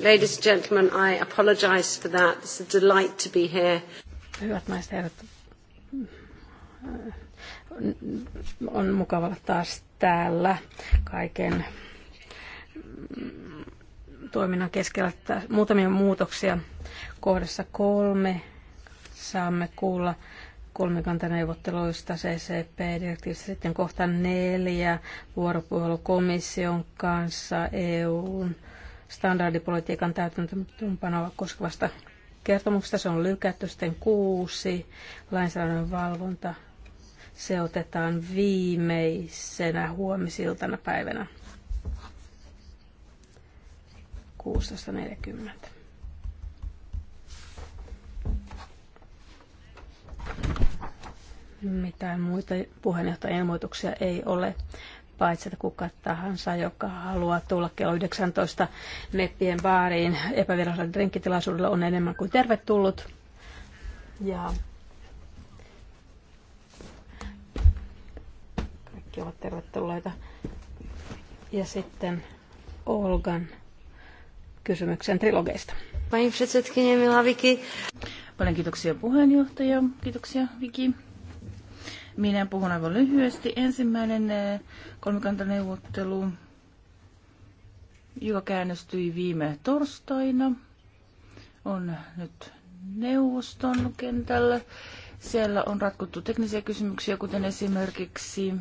Ladies and gentlemen, I apologize for that. It's a delight to be here. Hyvät naiset ja herrat, on mukava olla taas täällä kaiken toiminnan keskellä. Muutamia muutoksia. Kohdassa kolme saamme kuulla kolmikantaneuvotteluista CCP-direktiivistä. Sitten kohta neljä vuoropuhelu komission kanssa EUn standardipolitiikan täytäntöönpanoa koskevasta kertomuksesta. Se on lykätty sitten kuusi. Lainsäädännön valvonta se otetaan viimeisenä huomisiltana päivänä 16.40. Mitään muita puheenjohtajan ilmoituksia ei ole paitsi että kuka tahansa, joka haluaa tulla kello 19 meppien baariin epävirallisella drinkkitilaisuudella on enemmän kuin tervetullut. Ja kaikki ovat tervetulleita. Ja sitten Olgan kysymyksen trilogeista. Pani předsedkyně Mila Paljon kiitoksia puheenjohtaja. Kiitoksia Viki. Minä puhun aivan lyhyesti. Ensimmäinen eh, kolmikantaneuvottelu, joka käännöstyi viime torstaina, on nyt neuvoston kentällä. Siellä on ratkottu teknisiä kysymyksiä, kuten esimerkiksi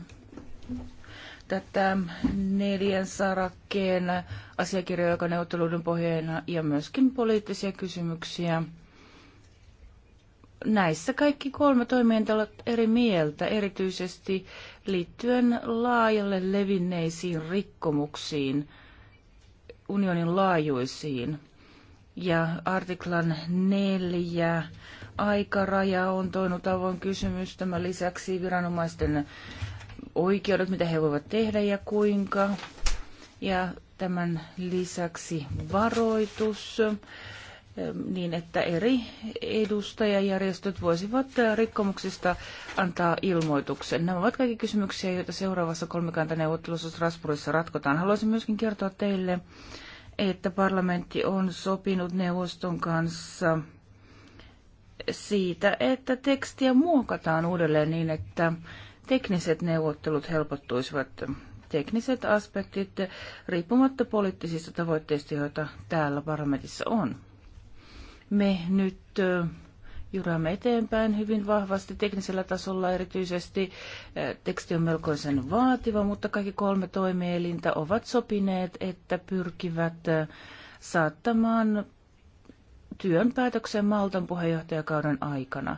tätä neljän sarakkeen asiakirjoja joka neuvotteluiden pohjana, ja myöskin poliittisia kysymyksiä – näissä kaikki kolme toimijat ovat eri mieltä, erityisesti liittyen laajalle levinneisiin rikkomuksiin, unionin laajuisiin. Ja artiklan neljä aikaraja on toinut avoin kysymys. Tämän lisäksi viranomaisten oikeudet, mitä he voivat tehdä ja kuinka. Ja tämän lisäksi varoitus niin, että eri edustajajärjestöt voisivat rikkomuksista antaa ilmoituksen. Nämä ovat kaikki kysymyksiä, joita seuraavassa kolmikantaneuvottelussa Strasbourgissa ratkotaan. Haluaisin myöskin kertoa teille, että parlamentti on sopinut neuvoston kanssa siitä, että tekstiä muokataan uudelleen niin, että tekniset neuvottelut helpottuisivat tekniset aspektit riippumatta poliittisista tavoitteista, joita täällä parlamentissa on me nyt juraamme eteenpäin hyvin vahvasti teknisellä tasolla erityisesti. Teksti on melkoisen vaativa, mutta kaikki kolme toimielintä ovat sopineet, että pyrkivät saattamaan työn päätöksen Maltan puheenjohtajakauden aikana.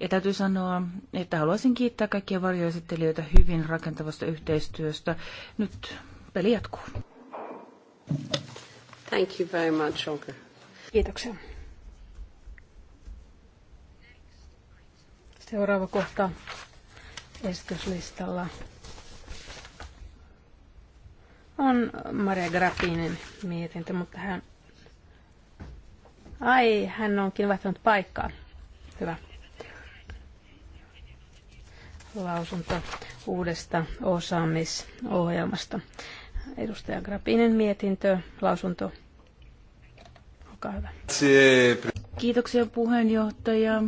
Ja täytyy sanoa, että haluaisin kiittää kaikkia varjoesittelijöitä hyvin rakentavasta yhteistyöstä. Nyt peli jatkuu. Thank you very much, Kiitoksia. Seuraava kohta esityslistalla on Maria Grappinen mietintö, mutta hän... Ai, hän onkin vaihtanut paikkaa. Hyvä. Lausunto uudesta osaamisohjelmasta. Edustaja Grappinen mietintö, lausunto. Olkaa hyvä. Kiitoksia puheenjohtaja.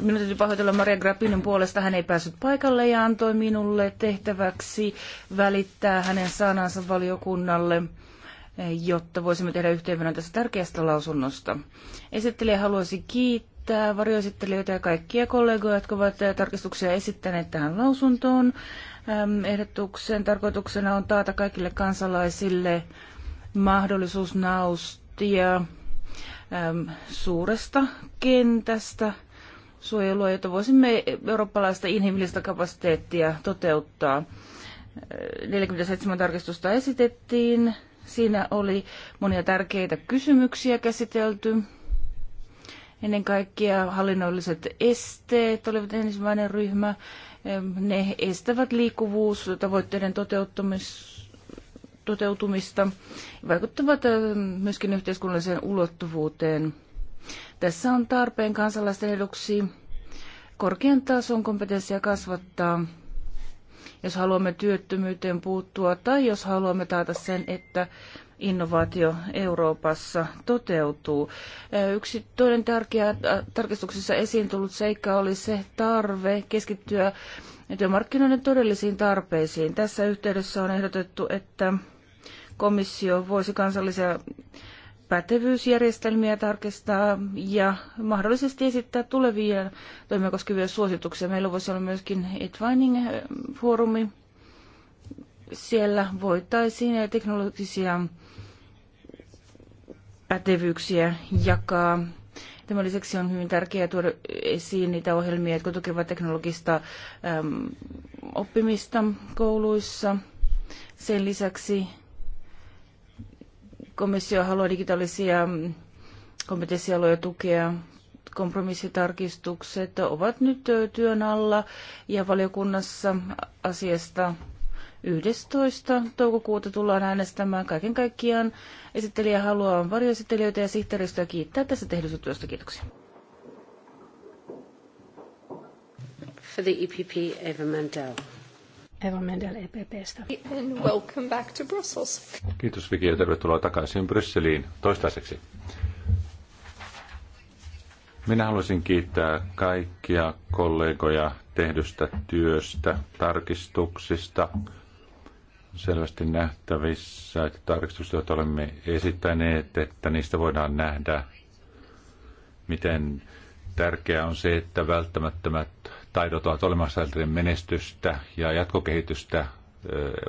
Minun täytyy pahoitella Maria Grappinin puolesta. Hän ei päässyt paikalle ja antoi minulle tehtäväksi välittää hänen sanansa valiokunnalle jotta voisimme tehdä yhteenvedon tästä tärkeästä lausunnosta. Esittelijä haluaisi kiittää varjoesittelijöitä ja kaikkia kollegoja, jotka ovat tarkistuksia esittäneet tähän lausuntoon. Ehdotuksen tarkoituksena on taata kaikille kansalaisille mahdollisuus naustia suuresta kentästä suojelua, jotta voisimme eurooppalaista inhimillistä kapasiteettia toteuttaa. 47 tarkistusta esitettiin. Siinä oli monia tärkeitä kysymyksiä käsitelty. Ennen kaikkea hallinnolliset esteet olivat ensimmäinen ryhmä. Ne estävät liikkuvuustavoitteiden toteutumista ja vaikuttavat myöskin yhteiskunnalliseen ulottuvuuteen. Tässä on tarpeen kansalaisten eduksi korkean tason kompetenssia kasvattaa, jos haluamme työttömyyteen puuttua tai jos haluamme taata sen, että innovaatio Euroopassa toteutuu. Yksi toinen tärkeä tarkistuksessa esiin tullut seikka oli se tarve keskittyä työmarkkinoiden todellisiin tarpeisiin. Tässä yhteydessä on ehdotettu, että komissio voisi kansallisia pätevyysjärjestelmiä tarkistaa ja mahdollisesti esittää tulevia toimia koskevia suosituksia. Meillä voisi olla myöskin Edwining-foorumi. Siellä voitaisiin teknologisia pätevyyksiä jakaa. Tämän lisäksi on hyvin tärkeää tuoda esiin niitä ohjelmia, jotka tukevat teknologista äm, oppimista kouluissa. Sen lisäksi komissio haluaa digitaalisia kompetenssialoja tukea. Kompromissitarkistukset ovat nyt työn alla ja valiokunnassa asiasta 11. toukokuuta tullaan äänestämään. Kaiken kaikkiaan esittelijä haluaa varjoesittelijöitä ja sihteeristöä kiittää tässä tehdystä työstä. Kiitoksia. For the EPP, Eva Mandel. Eva Mendel EPPstä. And welcome back to Brussels. Kiitos Viki ja tervetuloa takaisin Brysseliin toistaiseksi. Minä haluaisin kiittää kaikkia kollegoja tehdystä työstä, tarkistuksista. Selvästi nähtävissä, että tarkistukset, joita olemme esittäneet, että niistä voidaan nähdä, miten tärkeää on se, että välttämättömät taidot ovat olemassa menestystä ja jatkokehitystä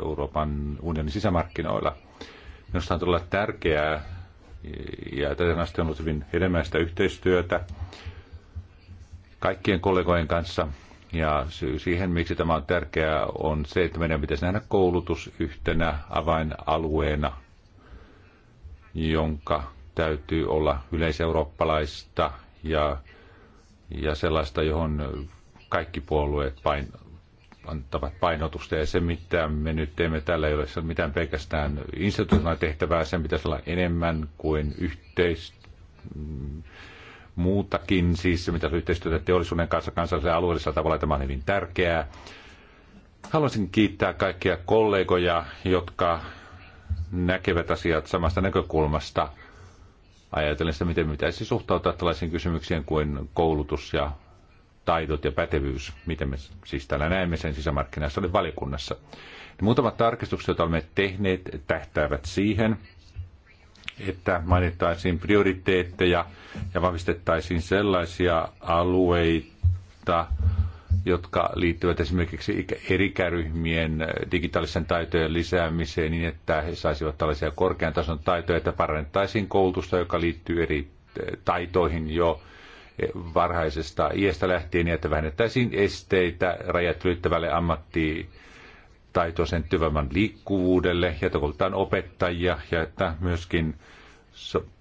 Euroopan unionin sisämarkkinoilla. Minusta on todella tärkeää, ja tätä asti on ollut hyvin hedelmäistä yhteistyötä kaikkien kollegojen kanssa. Ja syy siihen, miksi tämä on tärkeää, on se, että meidän pitäisi nähdä koulutus yhtenä avainalueena, jonka täytyy olla yleiseurooppalaista ja, ja sellaista, johon kaikki puolueet pain, antavat painotusta ja se, mitä me nyt teemme täällä, ei ole mitään pelkästään instituutioon tehtävää, sen pitäisi olla enemmän kuin yhteis mm, muutakin, siis mitä yhteistyötä teollisuuden kanssa kansallisella alueellisella tavalla, tämä on hyvin tärkeää. Haluaisin kiittää kaikkia kollegoja, jotka näkevät asiat samasta näkökulmasta ajatellen sitä, miten pitäisi suhtautua tällaisiin kysymyksiin kuin koulutus ja taidot ja pätevyys, miten me siis täällä näemme sen sisämarkkinassa oli valikunnassa. Muutamat tarkistukset, joita olemme tehneet, tähtäävät siihen, että mainittaisiin prioriteetteja ja vahvistettaisiin sellaisia alueita, jotka liittyvät esimerkiksi eri ikäryhmien äh, digitaalisen taitojen lisäämiseen niin, että he saisivat tällaisia korkean tason taitoja, että parannettaisiin koulutusta, joka liittyy eri äh, taitoihin jo varhaisesta iästä lähtien, niin että vähennettäisiin esteitä rajat ylittävälle ammattiin taitoisen työvoiman liikkuvuudelle, ja koulutetaan opettajia, ja että myöskin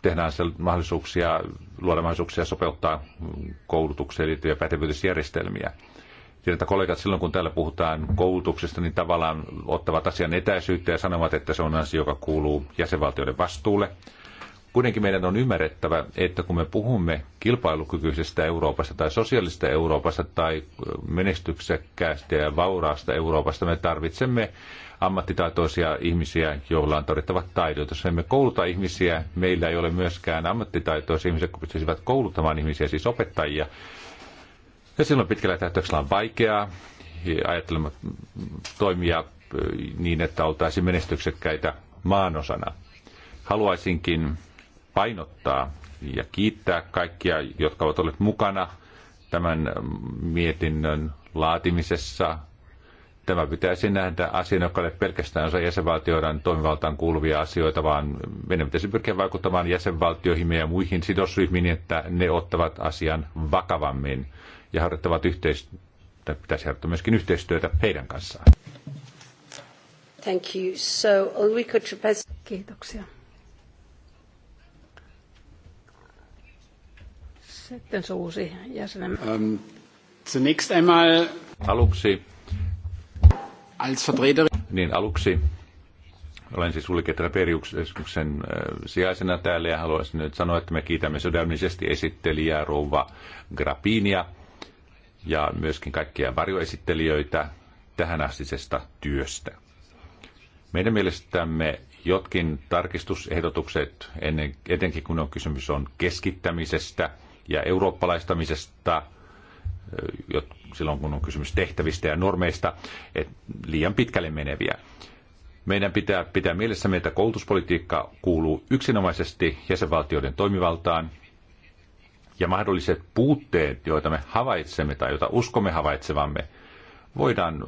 tehdään mahdollisuuksia, luoda mahdollisuuksia sopeuttaa koulutukseen liittyviä pätevyysjärjestelmiä. Tiedän, että kollegat silloin, kun täällä puhutaan koulutuksesta, niin tavallaan ottavat asian etäisyyttä ja sanovat, että se on asia, joka kuuluu jäsenvaltioiden vastuulle. Kuitenkin meidän on ymmärrettävä, että kun me puhumme kilpailukykyisestä Euroopasta tai sosiaalista Euroopasta tai menestyksekkäästä ja vauraasta Euroopasta, me tarvitsemme ammattitaitoisia ihmisiä, joilla on tarvittavat taidot. Jos emme kouluta ihmisiä, meillä ei ole myöskään ammattitaitoisia ihmisiä, jotka pystyisivät kouluttamaan ihmisiä, siis opettajia. Ja silloin pitkällä tähtäyksellä on vaikeaa ajattelemme toimia niin, että oltaisiin menestyksekkäitä maanosana. Haluaisinkin painottaa ja kiittää kaikkia, jotka ovat olleet mukana tämän mietinnön laatimisessa. Tämä pitäisi nähdä asian, joka ei pelkästään osa jäsenvaltioiden toimivaltaan kuuluvia asioita, vaan meidän pitäisi pyrkiä vaikuttamaan jäsenvaltioihin ja muihin sidosryhmiin, niin että ne ottavat asian vakavammin ja harjoittavat yhteistyötä, pitäisi harjoittaa myöskin yhteistyötä heidän kanssaan. Thank you. So, Ulrika Kiitoksia. Sitten se uusi Um, zunächst einmal... Aluksi. Als Vertreterin... Niin, aluksi olen siis Ulrike Periuksen äh, sijaisena täällä ja haluaisin nyt sanoa, että me kiitämme sydämisesti esittelijää Rouva Grapinia ja myöskin kaikkia varjoesittelijöitä tähänastisesta työstä. Meidän mielestämme jotkin tarkistusehdotukset, ennen, etenkin kun on kysymys on keskittämisestä – ja eurooppalaistamisesta, silloin kun on kysymys tehtävistä ja normeista, että liian pitkälle meneviä. Meidän pitää pitää mielessämme, että koulutuspolitiikka kuuluu yksinomaisesti jäsenvaltioiden toimivaltaan, ja mahdolliset puutteet, joita me havaitsemme tai joita uskomme havaitsevamme, voidaan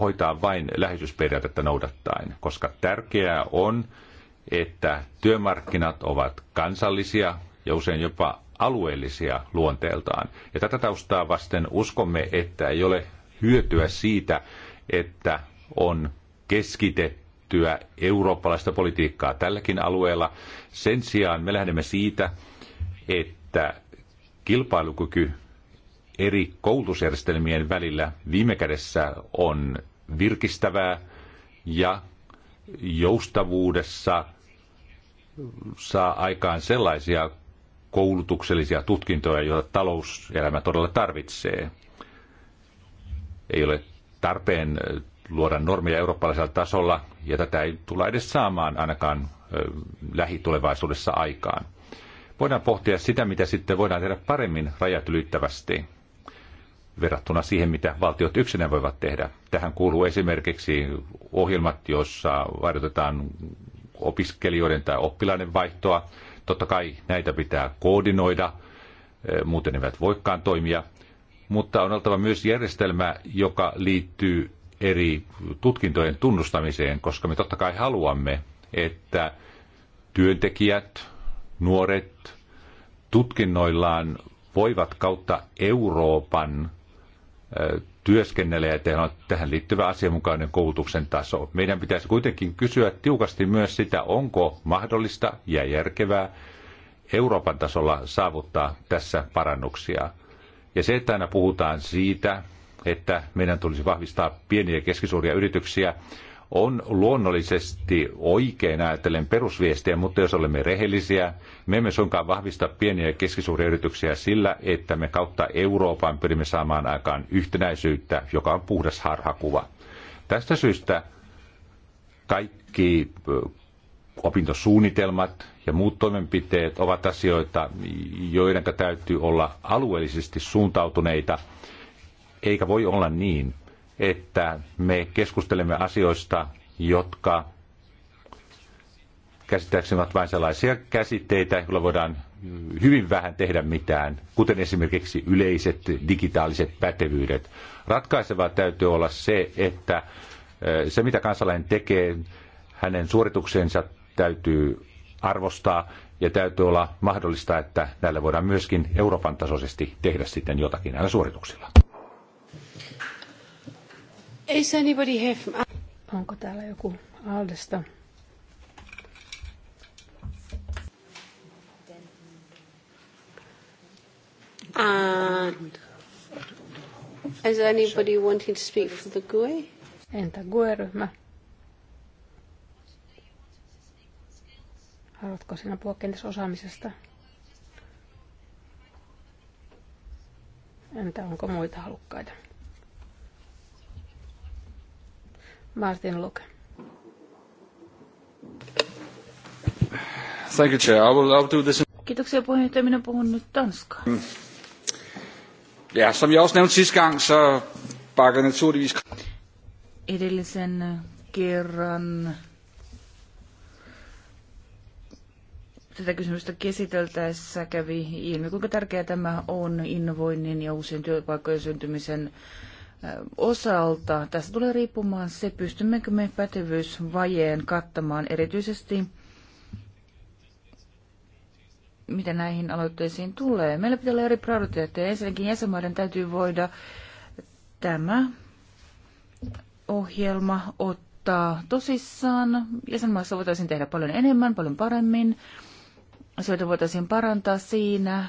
hoitaa vain läheisyysperiaatetta noudattaen, koska tärkeää on, että työmarkkinat ovat kansallisia ja usein jopa alueellisia luonteeltaan. Ja tätä taustaa vasten uskomme, että ei ole hyötyä siitä, että on keskitettyä eurooppalaista politiikkaa tälläkin alueella. Sen sijaan me lähdemme siitä, että kilpailukyky eri koulutusjärjestelmien välillä viime kädessä on virkistävää ja joustavuudessa saa aikaan sellaisia koulutuksellisia tutkintoja, joita talouselämä todella tarvitsee. Ei ole tarpeen luoda normeja eurooppalaisella tasolla, ja tätä ei tulla edes saamaan ainakaan lähitulevaisuudessa aikaan. Voidaan pohtia sitä, mitä sitten voidaan tehdä paremmin rajat ylittävästi verrattuna siihen, mitä valtiot yksinään voivat tehdä. Tähän kuuluu esimerkiksi ohjelmat, joissa vaihdotetaan opiskelijoiden tai oppilaiden vaihtoa, Totta kai näitä pitää koordinoida, eh, muuten ne eivät voikaan toimia, mutta on oltava myös järjestelmä, joka liittyy eri tutkintojen tunnustamiseen, koska me totta kai haluamme, että työntekijät, nuoret tutkinnoillaan voivat kautta Euroopan eh, työskennellä ja on tähän liittyvä asianmukainen koulutuksen taso. Meidän pitäisi kuitenkin kysyä tiukasti myös sitä, onko mahdollista ja järkevää Euroopan tasolla saavuttaa tässä parannuksia. Ja se, että aina puhutaan siitä, että meidän tulisi vahvistaa pieniä ja keskisuuria yrityksiä, on luonnollisesti oikein ajatellen perusviestiä, mutta jos olemme rehellisiä, me emme suinkaan vahvista pieniä ja keskisuuria yrityksiä sillä, että me kautta Euroopan pyrimme saamaan aikaan yhtenäisyyttä, joka on puhdas harhakuva. Tästä syystä kaikki opintosuunnitelmat ja muut toimenpiteet ovat asioita, joiden täytyy olla alueellisesti suuntautuneita, eikä voi olla niin, että me keskustelemme asioista, jotka käsittääkseni ovat vain sellaisia käsitteitä, joilla voidaan hyvin vähän tehdä mitään, kuten esimerkiksi yleiset digitaaliset pätevyydet. Ratkaisevaa täytyy olla se, että se mitä kansalainen tekee, hänen suorituksensa täytyy arvostaa ja täytyy olla mahdollista, että näillä voidaan myöskin Euroopan tasoisesti tehdä sitten jotakin näillä suorituksilla. Is anybody here from... Onko täällä joku Aldesta? And uh, is anybody wanting to speak for the GUE? Entä GUE-ryhmä? Haluatko sinä puhua kenties osaamisesta? Entä onko muita halukkaita? Martin Luke. Thank you, Chair. I will, I do this. Kiitoksia puheenjohtaja. Minä puhun nyt tanskaa. Mm. Ja, som jag också nämnde sidste gang, så bakar naturligtvis... Edellisen kerran tätä kysymystä käsiteltäessä kävi ilmi, kuinka tärkeää tämä on innovoinnin ja uusien työpaikkojen syntymisen osalta. Tässä tulee riippumaan se, pystymmekö me pätevyysvajeen kattamaan erityisesti mitä näihin aloitteisiin tulee. Meillä pitää olla eri prioriteetteja. Ensinnäkin jäsenmaiden täytyy voida tämä ohjelma ottaa tosissaan. Jäsenmaissa voitaisiin tehdä paljon enemmän, paljon paremmin. Asioita voitaisiin parantaa siinä,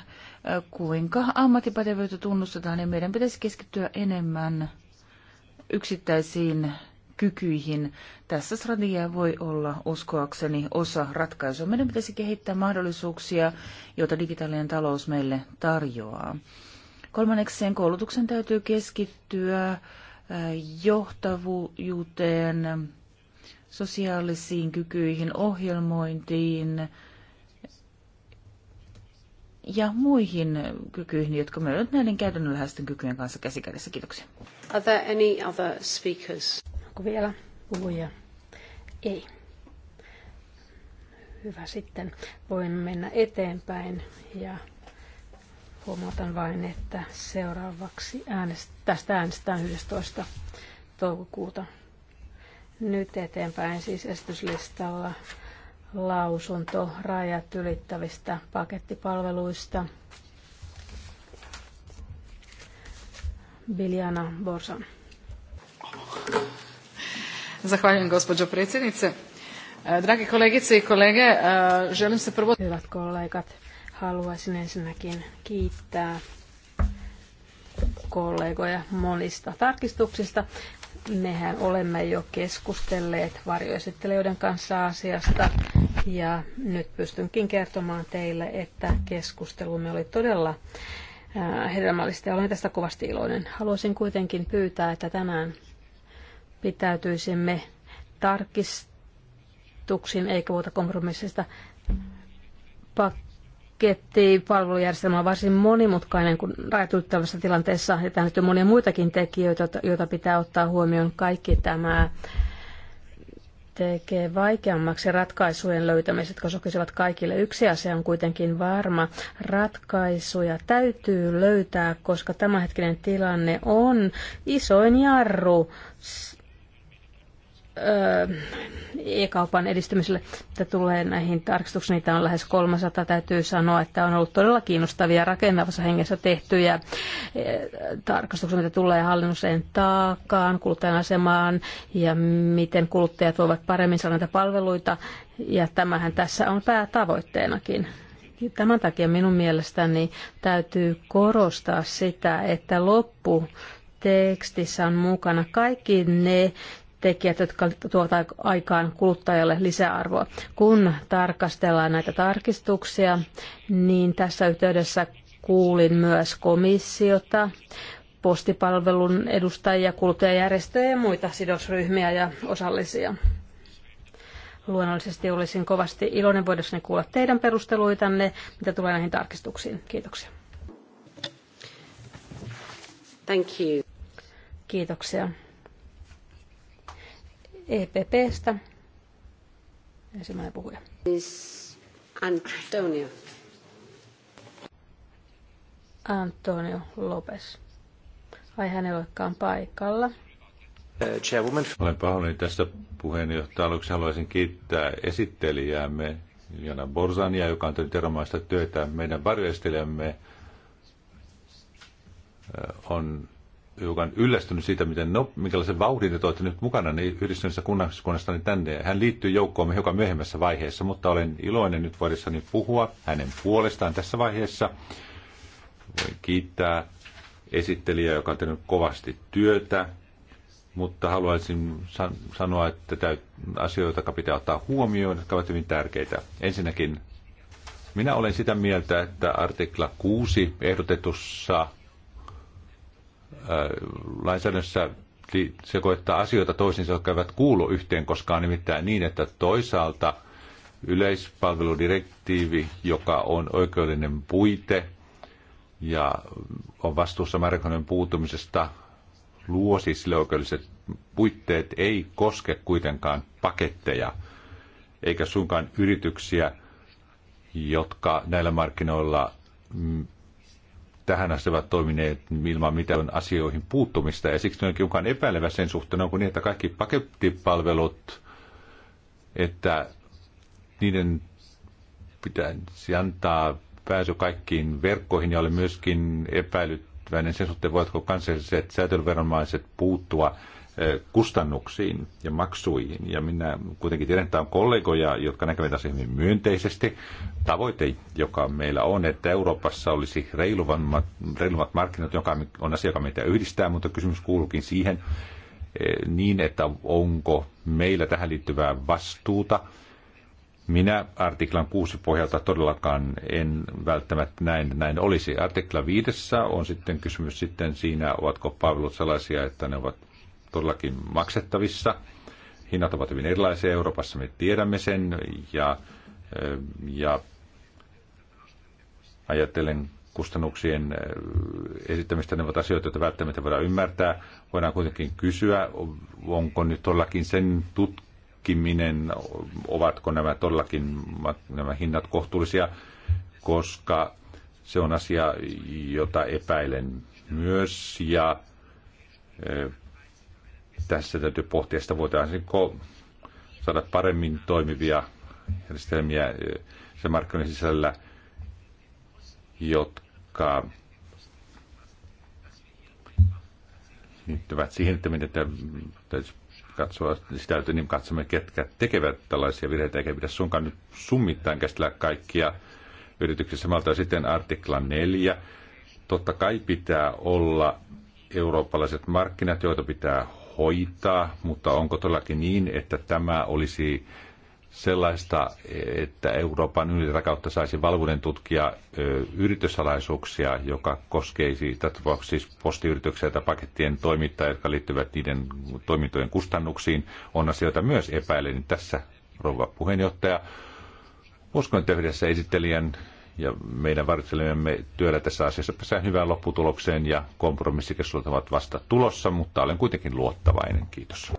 kuinka ammattipätevyyttä tunnustetaan, niin meidän pitäisi keskittyä enemmän yksittäisiin kykyihin. Tässä strategia voi olla uskoakseni osa ratkaisua. Meidän pitäisi kehittää mahdollisuuksia, joita digitaalinen talous meille tarjoaa. sen koulutuksen täytyy keskittyä eh, johtavuuteen, sosiaalisiin kykyihin, ohjelmointiin, ja muihin kykyihin, jotka myönnät näiden käytännönläheisten kykyjen kanssa käsikädessä. Kiitoksia. Are there any other speakers? Onko vielä puhuja? Ei. Hyvä sitten. Voin mennä eteenpäin ja huomautan vain, että seuraavaksi äänest- tästä äänestetään 11. toukokuuta. Nyt eteenpäin siis esityslistalla lausunto rajat ylittävistä pakettipalveluista. Biljana Borsan. Zahvaljujem gospođo predsjednice. E, Dragi kolegice i kolege, e, želim se prvo... Hyvät kollegat, haluaisin ensinnäkin kiittää kollegoja monista tarkistuksista. Mehän olemme jo keskustelleet varjoesittelijöiden kanssa asiasta ja nyt pystynkin kertomaan teille, että keskustelumme oli todella äh, hedelmällistä ja olen tästä kovasti iloinen. Haluaisin kuitenkin pyytää, että tänään pitäytyisimme tarkistuksiin eikä muuta kompromissista. Pak- pakettipalvelujärjestelmä palvelujärjestelmä on varsin monimutkainen kuin rajatuttavassa tilanteessa, ja tähän liittyy monia muitakin tekijöitä, joita pitää ottaa huomioon. Kaikki tämä tekee vaikeammaksi ratkaisujen löytämiset, jotka sokisivat kaikille. Yksi asia on kuitenkin varma. Ratkaisuja täytyy löytää, koska tämänhetkinen tilanne on isoin jarru e-kaupan edistymiselle, mitä tulee näihin tarkistuksiin, niitä on lähes 300, täytyy sanoa, että on ollut todella kiinnostavia rakentavassa hengessä tehtyjä tarkastuksia, mitä tulee hallinnolliseen taakkaan, kuluttajan asemaan ja miten kuluttajat voivat paremmin saada näitä palveluita. Ja tämähän tässä on päätavoitteenakin. Tämän takia minun mielestäni täytyy korostaa sitä, että loppu tekstissä on mukana kaikki ne tekijät, jotka tuovat aikaan kuluttajalle lisäarvoa. Kun tarkastellaan näitä tarkistuksia, niin tässä yhteydessä kuulin myös komissiota, postipalvelun edustajia, kuluttajajärjestöjä ja muita sidosryhmiä ja osallisia. Luonnollisesti olisin kovasti iloinen voidessani kuulla teidän perusteluitanne, mitä tulee näihin tarkistuksiin. Kiitoksia. Thank you. Kiitoksia. EPPstä. Ensimmäinen puhuja. Antonio. Antonio Lopes. Ai hän ei olekaan paikalla. Äh, chairwoman. Olen pahoillani tästä puheenjohtaja. Aluksi haluaisin kiittää esittelijäämme Jana Borzania, joka on tehnyt eromaista työtä. Meidän varjoistelijamme äh, on hiukan yllästynyt siitä, miten no, minkälaisen vauhdin te olette nyt mukana niin yhdistyneessä kunnassa niin tänne. Hän liittyy joukkoomme joka myöhemmässä vaiheessa, mutta olen iloinen nyt voidessani puhua hänen puolestaan tässä vaiheessa. Voin kiittää esittelijää, joka on tehnyt kovasti työtä, mutta haluaisin san- sanoa, että täyt- asioita, jotka pitää ottaa huomioon, jotka ovat hyvin tärkeitä. Ensinnäkin minä olen sitä mieltä, että artikla 6 ehdotetussa lainsäädännössä sekoittaa asioita toisiinsa, jotka eivät kuulu yhteen koskaan, nimittäin niin, että toisaalta yleispalveludirektiivi, joka on oikeudellinen puite ja on vastuussa määräkohdan puutumisesta, luo siis sille oikeudelliset puitteet, ei koske kuitenkaan paketteja eikä suinkaan yrityksiä, jotka näillä markkinoilla mm, tähän asti ovat toimineet ilman mitään asioihin puuttumista. Ja siksi onkin kukaan epäilevä sen suhteen, onko niin, että kaikki pakettipalvelut, että niiden pitäisi antaa pääsy kaikkiin verkkoihin ja oli myöskin epäilyttäväinen sen suhteen, voivatko kansalliset säätelyveronmaiset puuttua kustannuksiin ja maksuihin. Ja minä kuitenkin tiedän, että on kollegoja, jotka näkevät asian hyvin myönteisesti. Tavoite, joka meillä on, että Euroopassa olisi reiluvammat, reiluvat markkinat, joka on asia, joka meitä yhdistää, mutta kysymys kuuluukin siihen niin, että onko meillä tähän liittyvää vastuuta. Minä artiklan 6 pohjalta todellakaan en välttämättä näin, näin olisi. Artikla 5 on sitten kysymys sitten siinä, ovatko palvelut sellaisia, että ne ovat todellakin maksettavissa. Hinnat ovat hyvin erilaisia Euroopassa, me tiedämme sen, ja, ja ajattelen kustannuksien esittämistä, ne ovat asioita, joita välttämättä voidaan ymmärtää. Voidaan kuitenkin kysyä, onko nyt todellakin sen tutkiminen, ovatko nämä todellakin nämä hinnat kohtuullisia, koska se on asia, jota epäilen myös. Ja tässä täytyy pohtia sitä, voitaisiinko saada paremmin toimivia järjestelmiä sen markkinoiden sisällä, jotka liittyvät siihen, että miten täytyy katsoa, sitä niin katsomme, ketkä tekevät tällaisia virheitä, eikä pidä sunkaan nyt summittain käsitellä kaikkia yrityksiä. Samalta sitten artikla 4. Totta kai pitää olla eurooppalaiset markkinat, joita pitää hoitaa, mutta onko todellakin niin, että tämä olisi sellaista, että Euroopan unionin kautta saisi valvoinen tutkia yrityssalaisuuksia, joka koskee siitä, siis postiyrityksiä tai pakettien toimittajia, jotka liittyvät niiden toimintojen kustannuksiin, on asioita myös epäilen. Tässä, rouva puheenjohtaja, uskon, että yhdessä esittelijän ja meidän vartselemme työllä tässä asiassa pääsee hyvään lopputulokseen ja kompromissikeskustelut ovat vasta tulossa, mutta olen kuitenkin luottavainen. Kiitos.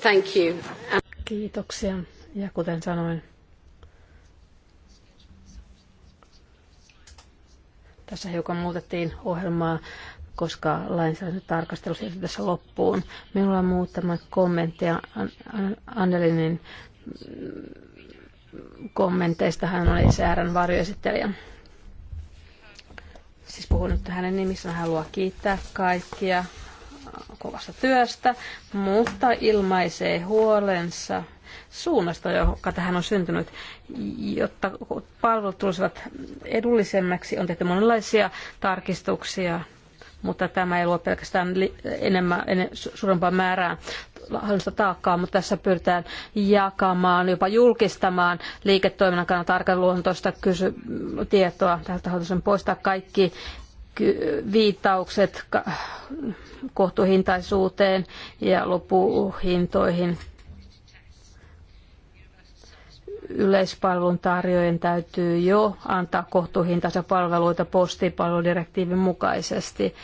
Thank you. Kiitoksia. Ja kuten sanoin, tässä hiukan muutettiin ohjelmaa, koska tarkastelu siirtyi tässä loppuun. Minulla on muutama kommentti Annelinin kommenteista. Hän oli ECRn varjoesittelijä. Siis puhun nyt hänen nimissä. Hän haluaa kiittää kaikkia kovasta työstä, mutta ilmaisee huolensa suunnasta, joka tähän on syntynyt, jotta palvelut tulisivat edullisemmaksi. On tehty monenlaisia tarkistuksia mutta tämä ei luo pelkästään enemmän, enemmän suurempaa määrää hallinnosta taakkaa, mutta tässä pyritään jakamaan, jopa julkistamaan liiketoiminnan kannalta arkaluontoista kysy- tietoa. Tältä haluaisin poistaa kaikki viittaukset kohtuuhintaisuuteen ja lopuhintoihin yleispalvelun tarjoajien täytyy jo antaa kohtuuhintaisia palveluita postipalveludirektiivin mukaisesti.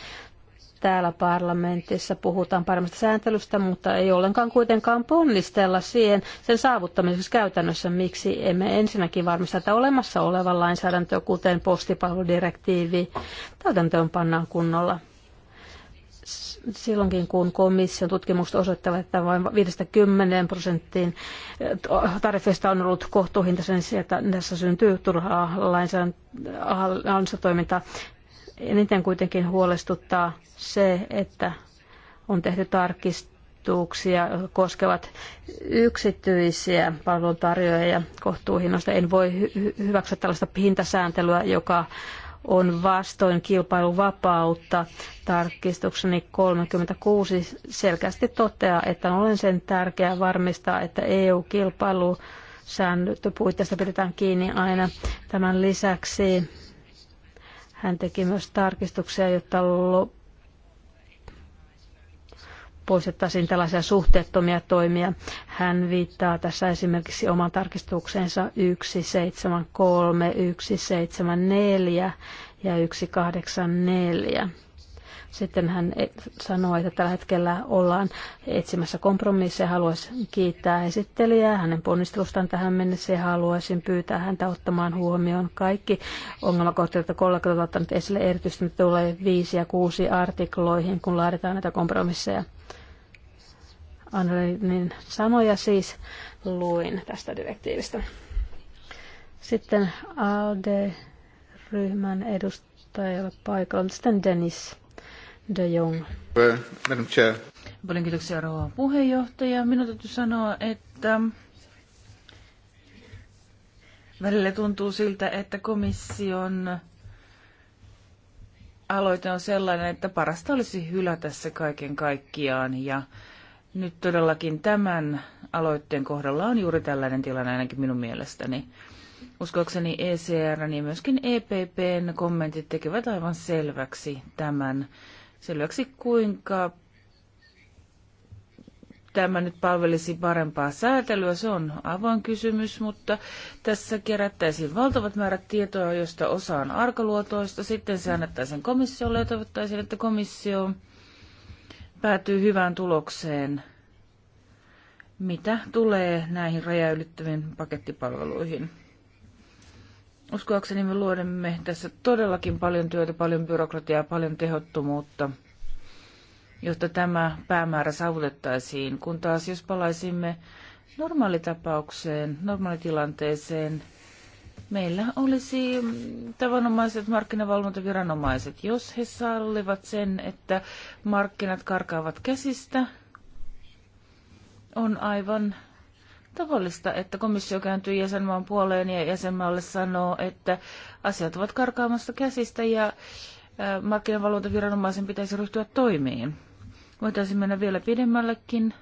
Täällä parlamentissa puhutaan paremmasta sääntelystä, mutta ei ollenkaan kuitenkaan ponnistella siihen sen saavuttamiseksi käytännössä, miksi emme ensinnäkin varmista, että olemassa oleva lainsäädäntö, kuten postipalveludirektiivi, täytäntöön pannaan kunnolla silloinkin, kun komission tutkimukset osoittavat, että vain 50 prosenttiin eh, tarifeista on ollut kohtuuhintaisen niin että tässä syntyy turhaa ah, lainsäädäntötoimintaa. Eniten kuitenkin huolestuttaa se, että on tehty tarkistuksia, jotka koskevat yksityisiä palveluntarjoajia kohtuuhinnoista. En voi hyväksyä tällaista hintasääntelyä, joka on vastoin kilpailuvapautta. Tarkistukseni 36 selkeästi toteaa, että olen sen tärkeää varmistaa, että EU-kilpailu sääntöpuitteista pidetään kiinni aina. Tämän lisäksi hän teki myös tarkistuksia, jotta poistettaisiin tällaisia suhteettomia toimia. Hän viittaa tässä esimerkiksi oman tarkistukseensa 173, 174 ja 184. Sitten hän e- sanoi, että tällä hetkellä ollaan etsimässä kompromisseja. Haluaisin kiittää esittelijää hänen ponnistelustaan tähän mennessä ja haluaisin pyytää häntä ottamaan huomioon kaikki ongelmakohtia, joita kollegat ovat ottaneet esille. Erityisesti tulee viisi ja kuusi artikloihin, kun laaditaan näitä kompromisseja. Annelinin sanoja siis luin tästä direktiivistä. Sitten ALDE-ryhmän edustaja ei ole paikalla, sitten Dennis de Jong. Madam Chair. Paljon kiitoksia rouva puheenjohtaja. Minun täytyy sanoa, että välillä tuntuu siltä, että komission aloite on sellainen, että parasta olisi hylätä se kaiken kaikkiaan ja nyt todellakin tämän aloitteen kohdalla on juuri tällainen tilanne ainakin minun mielestäni. Uskoakseni ECR ja myöskin EPPn kommentit tekevät aivan selväksi tämän, selväksi kuinka tämä nyt palvelisi parempaa säätelyä, se on avoin kysymys, mutta tässä kerättäisiin valtavat määrät tietoa, josta osa on arkaluotoista, sitten se annettaisiin komissiolle ja toivottaisiin, että komissio päätyy hyvään tulokseen, mitä tulee näihin rajaylittäviin pakettipalveluihin. Uskoakseni me luodemme tässä todellakin paljon työtä, paljon byrokratiaa, paljon tehottomuutta, jotta tämä päämäärä saavutettaisiin. Kun taas jos palaisimme normaalitapaukseen, normaalitilanteeseen, meillä olisi tavanomaiset markkinavalvontaviranomaiset, jos he sallivat sen, että markkinat karkaavat käsistä, on aivan tavallista, että komissio kääntyy jäsenmaan puoleen ja jäsenmaalle sanoo, että asiat ovat karkaamassa käsistä ja markkinavalvontaviranomaisen pitäisi ryhtyä toimiin. Voitaisiin mennä vielä pidemmällekin.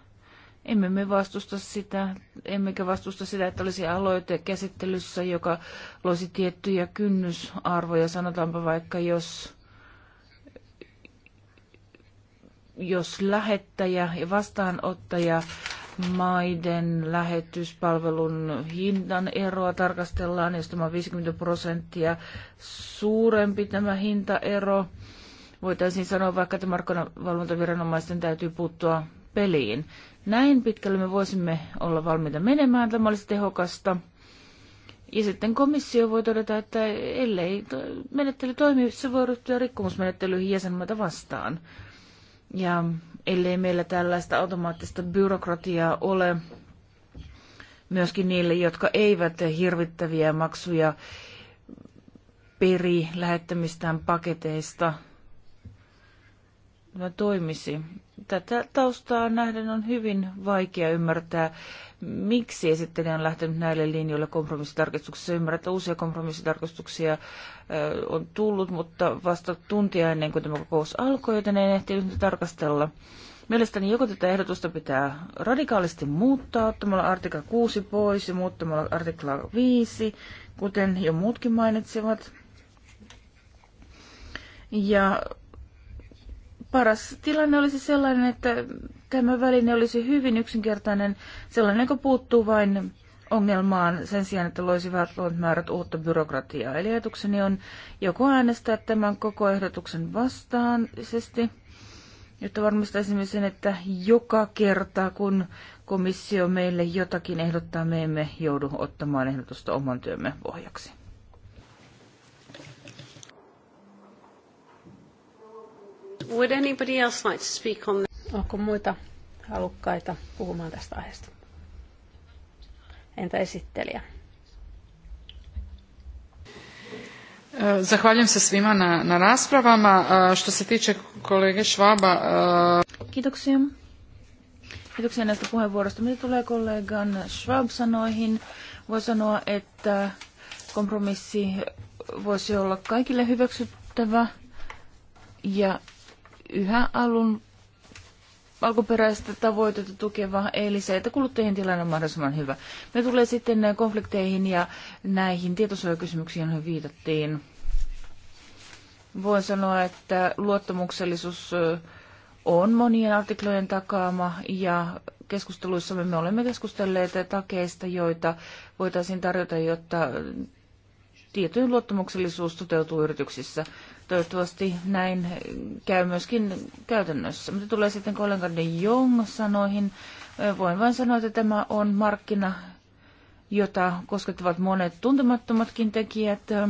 Emme me vastusta sitä, emmekä vastusta sitä, että olisi aloite käsittelyssä, joka loisi tiettyjä kynnysarvoja. Sanotaanpa vaikka, jos, jos lähettäjä ja vastaanottaja maiden lähetyspalvelun hinnan eroa tarkastellaan, jos niin tämä on 50 prosenttia suurempi tämä hintaero. Voitaisiin sanoa vaikka, että markkinavalvontaviranomaisten täytyy puuttua peliin. Näin pitkälle me voisimme olla valmiita menemään. Tämä olisi tehokasta. Ja sitten komissio voi todeta, että ellei menettely toimi, se voi ryhtyä rikkomusmenettelyihin jäsenmaita vastaan. Ja ellei meillä tällaista automaattista byrokratiaa ole myöskin niille, jotka eivät hirvittäviä maksuja peri lähettämistään paketeista – tämä toimisi. Tätä taustaa nähden on hyvin vaikea ymmärtää, miksi esittelijä on lähtenyt näille linjoille kompromissitarkistuksessa. Ymmärrän, että uusia kompromissitarkistuksia on tullut, mutta vasta tuntia ennen kuin tämä kokous alkoi, joten en ehtinyt tarkastella. Mielestäni joko tätä ehdotusta pitää radikaalisti muuttaa ottamalla artikla 6 pois ja muuttamalla artikla 5, kuten jo muutkin mainitsivat. Ja paras tilanne olisi sellainen, että tämä väline olisi hyvin yksinkertainen, sellainen, joka puuttuu vain ongelmaan sen sijaan, että loisi välttämättä määrät uutta byrokratiaa. Eli ajatukseni on joko äänestää tämän koko ehdotuksen vastaanisesti, jotta varmistaisimme sen, että joka kerta kun komissio meille jotakin ehdottaa, me emme joudu ottamaan ehdotusta oman työmme pohjaksi. Would anybody else like to speak on this? Onko muita halukkaita puhumaan tästä aiheesta? Entä esittelijä? Eh, zahvaljujem se svima na, na raspravama. Eh, što se tiče kolege Švaba... Eh, Kiitoksia. Kiitoksia näistä puheenvuorosta. Mitä tulee kollegan Schwab-sanoihin, voi sanoa, että kompromissi voisi olla kaikille hyväksyttävä ja yhä alun alkuperäistä tavoitetta tukeva, eli se, että kuluttajien tilanne on mahdollisimman hyvä. Me tulee sitten näihin konflikteihin ja näihin tietosuojakysymyksiin, joihin viitattiin. Voin sanoa, että luottamuksellisuus on monien artiklojen takaama ja keskusteluissamme me olemme keskustelleet takeista, joita voitaisiin tarjota, jotta tietyn luottamuksellisuus toteutuu yrityksissä. Toivottavasti näin käy myöskin käytännössä. Mitä tulee sitten kollega de Jong sanoihin, eh, voin vain sanoa, että tämä on markkina, jota koskettavat monet tuntemattomatkin tekijät. Eh,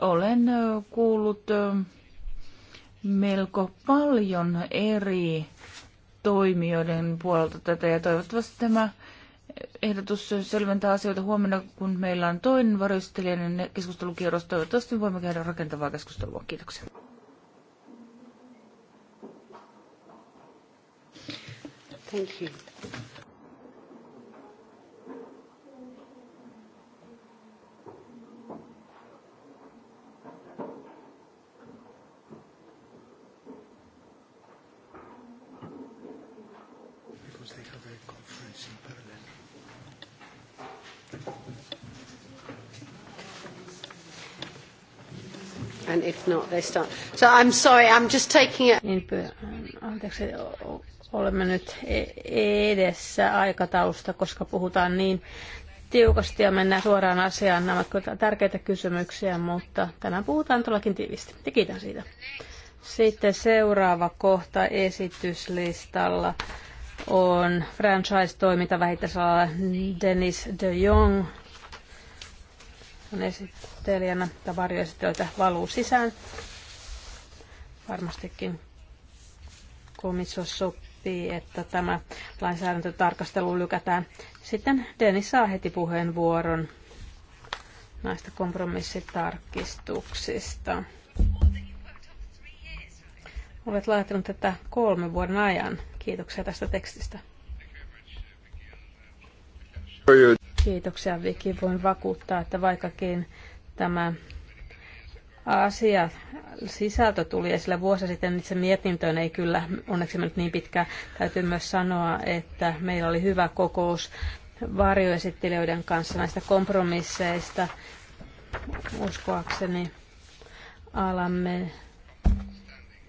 olen eh, kuullut melko paljon eri toimijoiden puolelta tätä ja toivottavasti tämä ehdotus selventää asioita huomenna, kun meillä on toinen varjostelijainen keskustelukierros. Toivottavasti voimme käydä rakentavaa keskustelua. Kiitoksia. Thank you. And if not, they start. So I'm sorry, I'm just taking it. Niin, anteeksi, olemme nyt e- edessä aikataulusta, koska puhutaan niin tiukasti ja mennään suoraan asiaan. Nämä ovat tärkeitä kysymyksiä, mutta tänään puhutaan todellakin tiivisti. Ja kiitän siitä. Sitten seuraava kohta esityslistalla on franchise-toiminta vähittäisalalla Dennis de Jong on esittelijänä tai varjoesittelijöitä valuu sisään. Varmastikin komissio sopii, että tämä lainsäädäntötarkastelu lykätään. Sitten Denis saa heti puheenvuoron näistä kompromissitarkistuksista. Olet laatinut tätä kolme vuoden ajan. Kiitoksia tästä tekstistä. Kiitoksia Viki. Voin vakuuttaa, että vaikkakin tämä asia, sisältö tuli esille vuosi sitten, itse niin mietintöön ei kyllä onneksi mennyt niin pitkään. Täytyy myös sanoa, että meillä oli hyvä kokous varjoesittelijöiden kanssa näistä kompromisseista. Uskoakseni alamme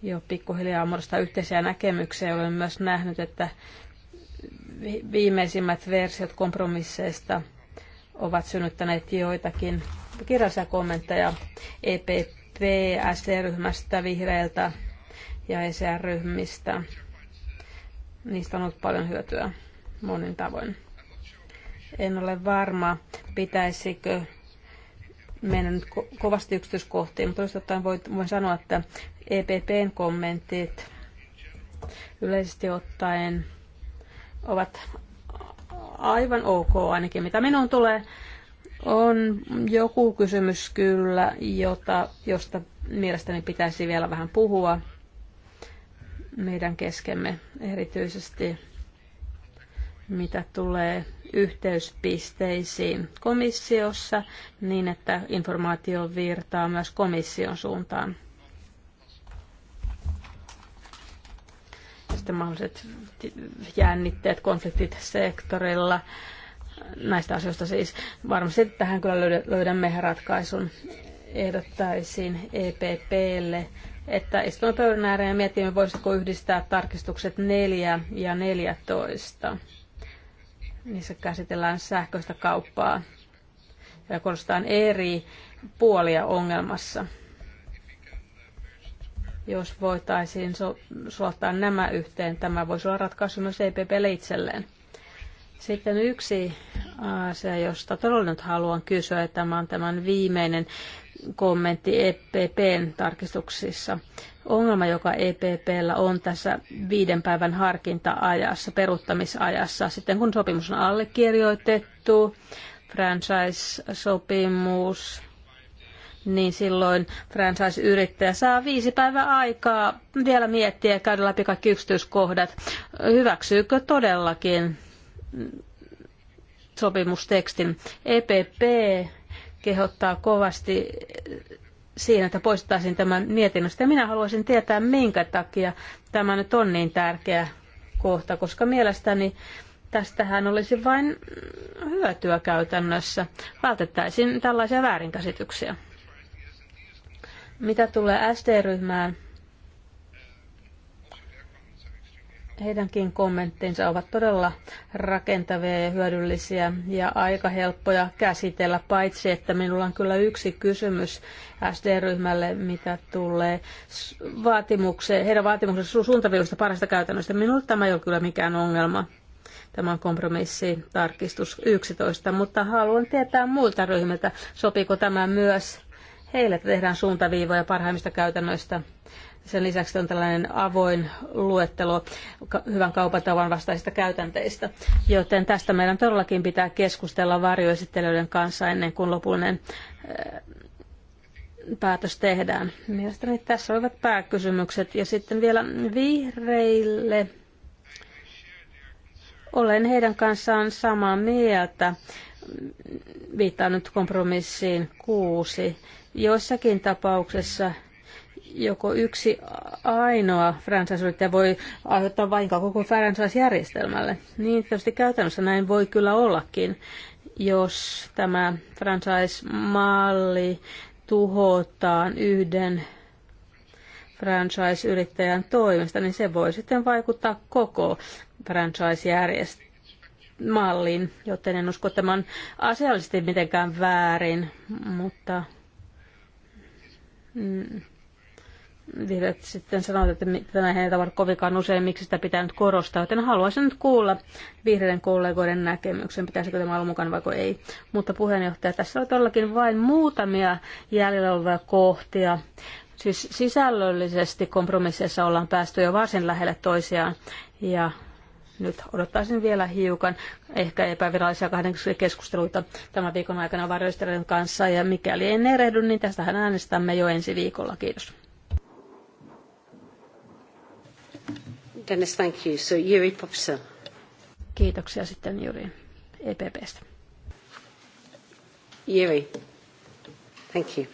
jo pikkuhiljaa muodostaa yhteisiä näkemyksiä. Olen myös nähnyt, että viimeisimmät versiot kompromisseista ovat synnyttäneet joitakin kirjallisia kommentteja EPP, ryhmästä vihreiltä ja ECR-ryhmistä. Niistä on ollut paljon hyötyä monin tavoin. En ole varma, pitäisikö mennä nyt ko- kovasti yksityiskohtiin, mutta toisaalta voin, voin sanoa, että EPPn kommentit yleisesti ottaen – ovat aivan ok ainakin, mitä minun tulee. On joku kysymys kyllä, jota, josta mielestäni pitäisi vielä vähän puhua meidän keskemme erityisesti, mitä tulee yhteyspisteisiin komissiossa, niin että informaatio virtaa myös komission suuntaan. Ja sitten mahdolliset jännitteet, konfliktit sektorilla. Näistä asioista siis varmasti tähän kyllä löydämme ratkaisun. Ehdottaisin EPPlle, että istumme pöydän ääreen ja mietimme, voisiko yhdistää tarkistukset 4 ja 14. Niissä käsitellään sähköistä kauppaa ja korostetaan eri puolia ongelmassa. Jos voitaisiin so- nämä yhteen, tämä voisi olla ratkaisu myös EPP itselleen. Sitten yksi asia, josta todella nyt haluan kysyä, että tämä on tämän viimeinen kommentti EPPn tarkistuksissa. Ongelma, joka EPPllä on tässä viiden päivän harkinta-ajassa, peruuttamisajassa, sitten kun sopimus on allekirjoitettu, franchise-sopimus, niin silloin franchise-yrittäjä saa viisi päivää aikaa vielä miettiä ja käydä läpi kaikki yksityiskohdat. Hyväksyykö todellakin sopimustekstin? EPP kehottaa kovasti siinä, että poistettaisiin tämän mietinnöstä. Ja minä haluaisin tietää, minkä takia tämä nyt on niin tärkeä kohta, koska mielestäni tästähän olisi vain hyötyä käytännössä. Vältettäisiin tällaisia väärinkäsityksiä. Mitä tulee SD-ryhmään, heidänkin kommenttinsa ovat todella rakentavia ja hyödyllisiä ja aika helppoja käsitellä, paitsi että minulla on kyllä yksi kysymys SD-ryhmälle, mitä tulee vaatimukseen, heidän vaatimuksensa suuntaviivoista parasta käytännöstä. Minulle tämä ei ole kyllä mikään ongelma. Tämä on kompromissi tarkistus 11, mutta haluan tietää muilta ryhmiltä, sopiiko tämä myös heille, että tehdään suuntaviivoja parhaimmista käytännöistä. Sen lisäksi on tällainen avoin luettelo hyvän kaupatavan vastaisista käytänteistä, joten tästä meidän todellakin pitää keskustella varjoesittelyiden kanssa ennen kuin lopullinen eh, päätös tehdään. Mielestäni tässä olivat pääkysymykset. Ja sitten vielä vihreille. Olen heidän kanssaan samaa mieltä. Viittaan nyt kompromissiin kuusi. Joissakin tapauksessa joko yksi ainoa franchise voi aiheuttaa vahinkoa koko franchise-järjestelmälle. Niin tietysti käytännössä näin voi kyllä ollakin, jos tämä franchise-malli tuhotaan yhden franchise-yrittäjän toimesta, niin se voi sitten vaikuttaa koko franchise-mallin, joten en usko tämän asiallisesti mitenkään väärin, mutta Mm. sitten sanoit, että tämä ei tapahdu kovinkaan usein, miksi sitä pitää nyt korostaa. Joten haluaisin nyt kuulla vihreiden kollegoiden näkemyksen, pitäisikö tämä olla mukana vai ei. Mutta puheenjohtaja, tässä on todellakin vain muutamia jäljellä olevia kohtia. Siis sisällöllisesti kompromisseissa ollaan päästy jo varsin lähelle toisiaan ja nyt odottaisin vielä hiukan ehkä epävirallisia kahden keskusteluita tämän viikon aikana varjoistelijan kanssa. Ja mikäli en erehdy, niin tästähän äänestämme jo ensi viikolla. Kiitos. Dennis, thank you. So, Yuri Popsa. Kiitoksia sitten Juri EPPstä. Yuri, Thank you.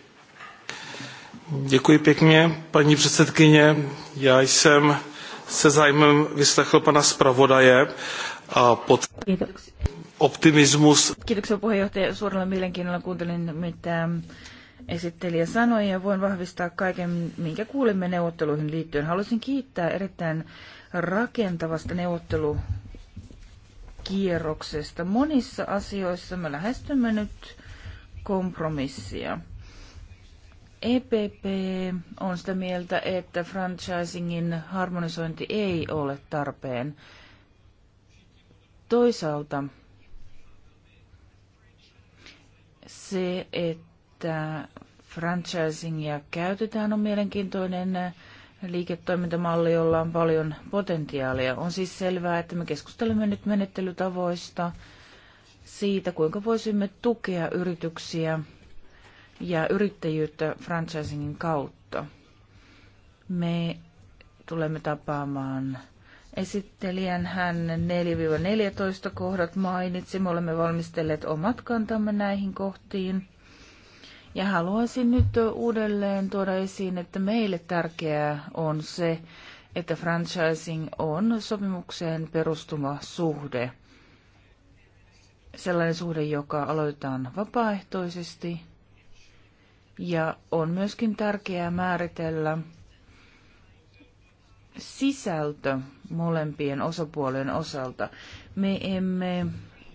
Děkuji pěkně, paní předsedkyně. Já jsem se zájmem vyslechl pana zpravodaje a pod Kiitoksia. optimismus. Kiitoksia puheenjohtaja. Suurella mielenkiinnolla kuuntelin, mitä esittelijä sanoi ja voin vahvistaa kaiken, minkä kuulimme neuvotteluihin liittyen. Haluaisin kiittää erittäin rakentavasta neuvottelukierroksesta. Monissa asioissa me lähestymme nyt kompromissia. EPP on sitä mieltä, että franchisingin harmonisointi ei ole tarpeen. Toisaalta se, että franchisingia käytetään, on mielenkiintoinen liiketoimintamalli, jolla on paljon potentiaalia. On siis selvää, että me keskustelemme nyt menettelytavoista, siitä kuinka voisimme tukea yrityksiä – ja yrittäjyyttä franchisingin kautta. Me tulemme tapaamaan esittelijän. Hän 4-14 kohdat mainitsi. Me olemme valmistelleet omat kantamme näihin kohtiin. Ja haluaisin nyt uudelleen tuoda esiin, että meille tärkeää on se, että franchising on sopimukseen perustuma suhde. Sellainen suhde, joka aloitetaan vapaaehtoisesti – ja on myöskin tärkeää määritellä sisältö molempien osapuolen osalta. Me emme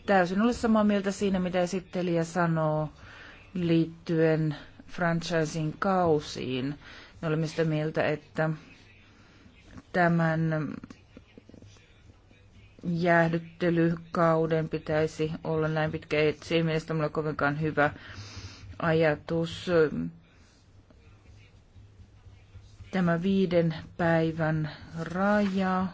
täysin ole samaa mieltä siinä, mitä esittelijä sanoo liittyen franchising kausiin. Me olemme sitä mieltä, että tämän jäähdyttelykauden pitäisi olla näin pitkä. että se ei mielestäni ole kovinkaan hyvä ajatus, tämä viiden päivän raja,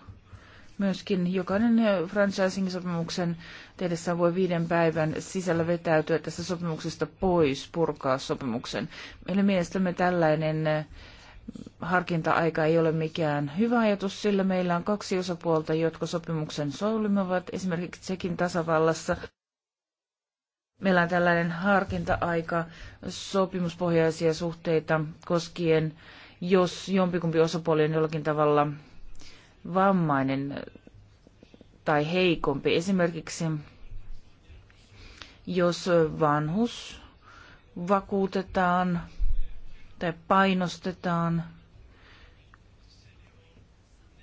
myöskin jokainen franchising-sopimuksen tehdessään voi viiden päivän sisällä vetäytyä tästä sopimuksesta pois, purkaa sopimuksen. Meidän mielestämme tällainen harkinta-aika ei ole mikään hyvä ajatus, sillä meillä on kaksi osapuolta, jotka sopimuksen solmivat, esimerkiksi Tsekin tasavallassa meillä on tällainen harkinta-aika sopimuspohjaisia suhteita koskien, jos jompikumpi osapuoli on jollakin tavalla vammainen tai heikompi. Esimerkiksi jos vanhus vakuutetaan tai painostetaan,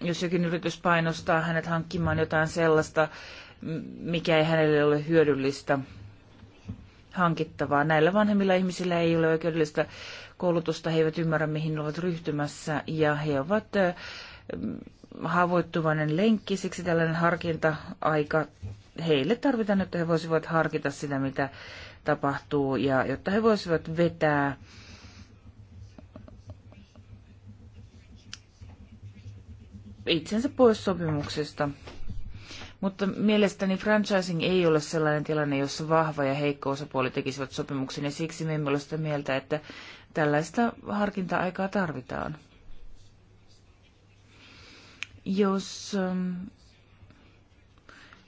jos jokin yritys painostaa hänet hankkimaan jotain sellaista, mikä ei hänelle ole hyödyllistä – hankittavaa. Näillä vanhemmilla ihmisillä ei ole oikeudellista koulutusta, he eivät ymmärrä, mihin ovat ryhtymässä, ja he ovat mm, haavoittuvainen lenkki, siksi tällainen harkinta-aika heille tarvitaan, että he voisivat harkita sitä, mitä tapahtuu, ja jotta he voisivat vetää itsensä pois sopimuksesta. Mutta mielestäni franchising ei ole sellainen tilanne, jossa vahva ja heikko osapuoli tekisivät sopimuksen, ja siksi me emme ole sitä mieltä, että tällaista harkinta-aikaa tarvitaan. Jos ähm,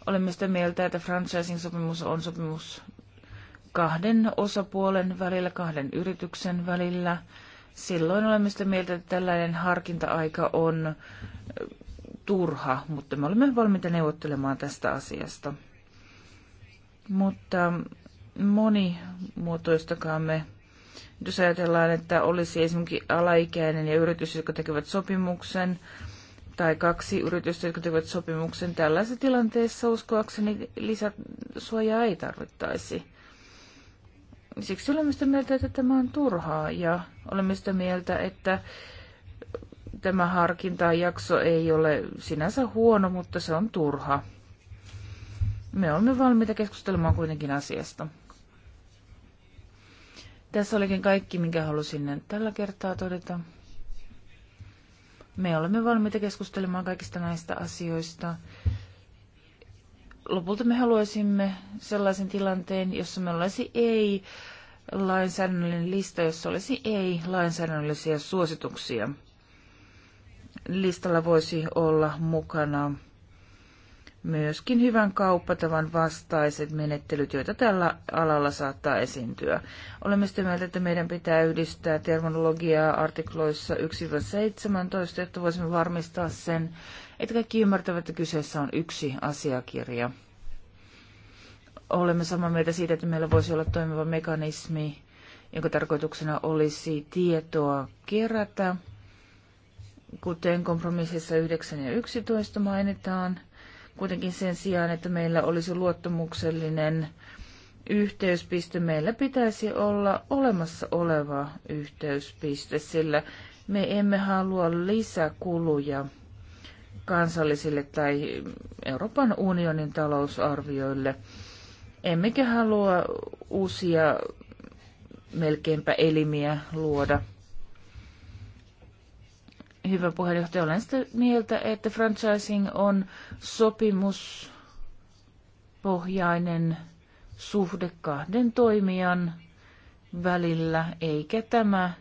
olemme sitä mieltä, että franchising-sopimus on sopimus kahden osapuolen välillä, kahden yrityksen välillä, silloin olemme sitä mieltä, että tällainen harkinta-aika on äh, turha, mutta me olemme valmiita neuvottelemaan tästä asiasta. Mutta monimuotoistakaan me, jos ajatellaan, että olisi esimerkiksi alaikäinen ja yritys, jotka tekevät sopimuksen, tai kaksi yritystä, jotka tekevät sopimuksen, tällaisessa tilanteessa uskoakseni lisäsuojaa ei tarvittaisi. Siksi olemme sitä mieltä, että tämä on turhaa ja olemme sitä mieltä, että tämä harkintajakso ei ole sinänsä huono, mutta se on turha. Me olemme valmiita keskustelemaan kuitenkin asiasta. Tässä olikin kaikki, minkä halusin tällä kertaa todeta. Me olemme valmiita keskustelemaan kaikista näistä asioista. Lopulta me haluaisimme sellaisen tilanteen, jossa me olisi ei lainsäädännöllinen lista, jossa olisi ei lainsäädännöllisiä suosituksia listalla voisi olla mukana myöskin hyvän kauppatavan vastaiset menettelyt, joita tällä alalla saattaa esiintyä. Olemme sitä mieltä, että meidän pitää yhdistää terminologiaa artikloissa 1-17, jotta voisimme varmistaa sen, että kaikki ymmärtävät, että kyseessä on yksi asiakirja. Olemme samaa mieltä siitä, että meillä voisi olla toimiva mekanismi, jonka tarkoituksena olisi tietoa kerätä – kuten kompromississa 9 ja 11 mainitaan, kuitenkin sen sijaan, että meillä olisi luottamuksellinen yhteyspiste, meillä pitäisi olla olemassa oleva yhteyspiste, sillä me emme halua lisäkuluja kansallisille tai Euroopan unionin talousarvioille. Emmekä halua uusia melkeinpä elimiä luoda hyvä puheenjohtaja, olen sitä mieltä, että franchising on sopimuspohjainen suhde kahden toimijan välillä, eikä tämä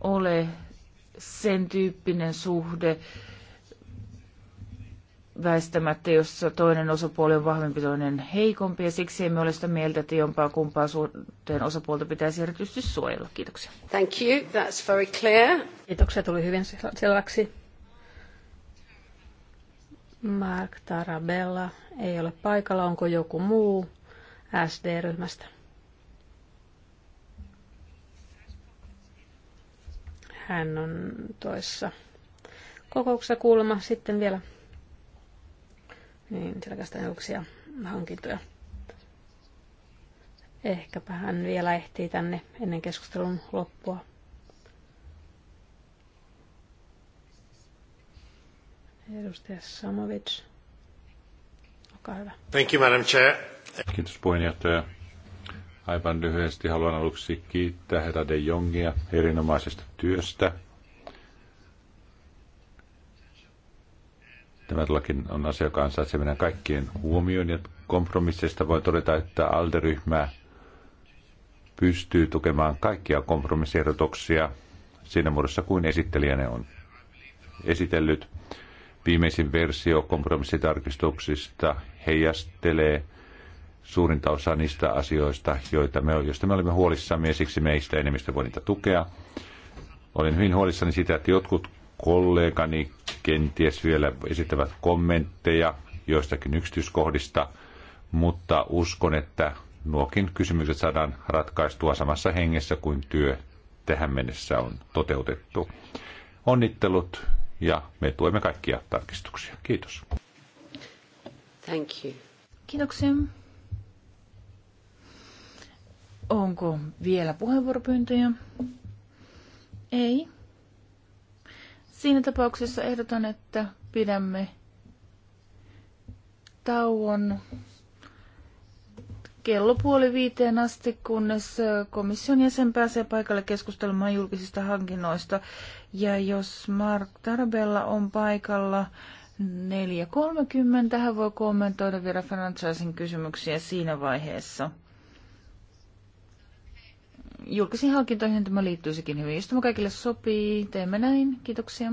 ole sen tyyppinen suhde, väistämättä, jos toinen osapuoli on vahvempi, toinen heikompi, ja siksi emme ole sitä mieltä, että jompaa kumpaa suhteen osapuolta pitäisi erityisesti suojella. Kiitoksia. Thank you. That's very clear. Kiitoksia, tuli hyvin selväksi. Mark Tarabella ei ole paikalla. Onko joku muu SD-ryhmästä? Hän on toissa kokouksessa kuulemma sitten vielä niin selkästään julkisia hankintoja. Ehkäpä hän vielä ehtii tänne ennen keskustelun loppua. Edustaja Samovic, olkaa hyvä. Thank you, Madam Chair. Kiitos puheenjohtaja. Aivan lyhyesti haluan aluksi kiittää herra De Jongia erinomaisesta työstä Tämä todellakin on asia, joka ansaitsee meidän kaikkien huomioon. Ja kompromisseista voi todeta, että alderyhmä pystyy tukemaan kaikkia kompromissiehdotuksia siinä muodossa kuin ne on esitellyt. Viimeisin versio kompromissitarkistuksista heijastelee suurinta osaa niistä asioista, joita me, joista me olimme huolissamme ja siksi meistä enemmistö voi niitä tukea. Olin hyvin huolissani siitä, että jotkut kollegani kenties vielä esittävät kommentteja joistakin yksityiskohdista, mutta uskon, että nuokin kysymykset saadaan ratkaistua samassa hengessä kuin työ tähän mennessä on toteutettu. Onnittelut ja me tuemme kaikkia tarkistuksia. Kiitos. Thank you. Kiitoksia. Onko vielä puheenvuoropyyntöjä? Ei. Siinä tapauksessa ehdotan, että pidämme tauon kello puoli viiteen asti, kunnes komission jäsen pääsee paikalle keskustelemaan julkisista hankinnoista. Ja jos Mark Tarbella on paikalla 4.30, hän voi kommentoida vielä franchising kysymyksiä siinä vaiheessa julkisiin hankintoihin tämä liittyisikin hyvin. Jos tämä kaikille sopii, teemme näin. Kiitoksia.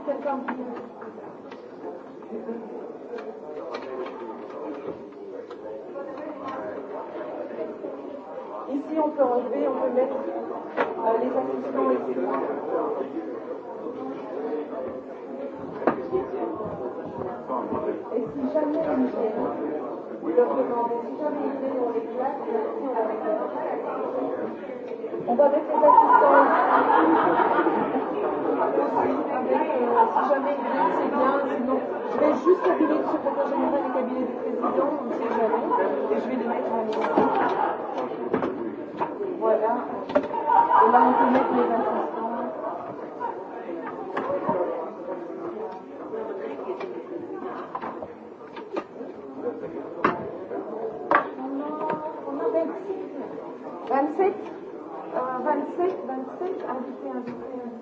Ici, on peut enlever, on peut mettre euh, les assistants ici. Et si jamais ils viennent, leur demander si jamais ils viennent, on les classe, et ainsi on va mettre les assistants. On va mettre les assistants ici jamais bien, c'est bien, sinon je vais juste cabinet de secrétaire général et cabinet du président, on ne sait jamais, et je vais les mettre en ligne. Voilà. Et là on peut mettre les assistants. On a, on a 26, 27, euh, 27, 27 invités, invités.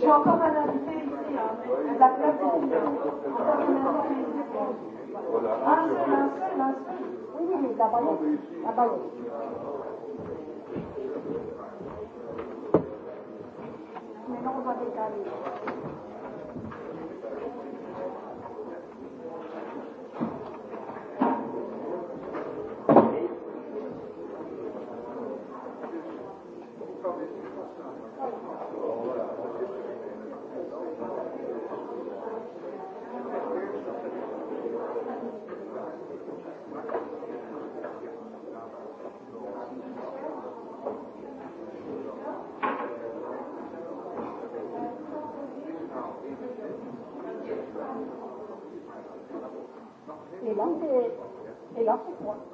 J'ai encore un invité ici, hein, la place est Voilà. Un seul, un seul, un seul. Oui, oui, ah, oui, là-bas, là-bas. Maintenant, on va décaler. vill ha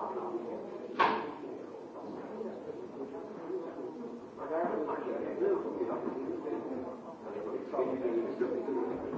Thank you.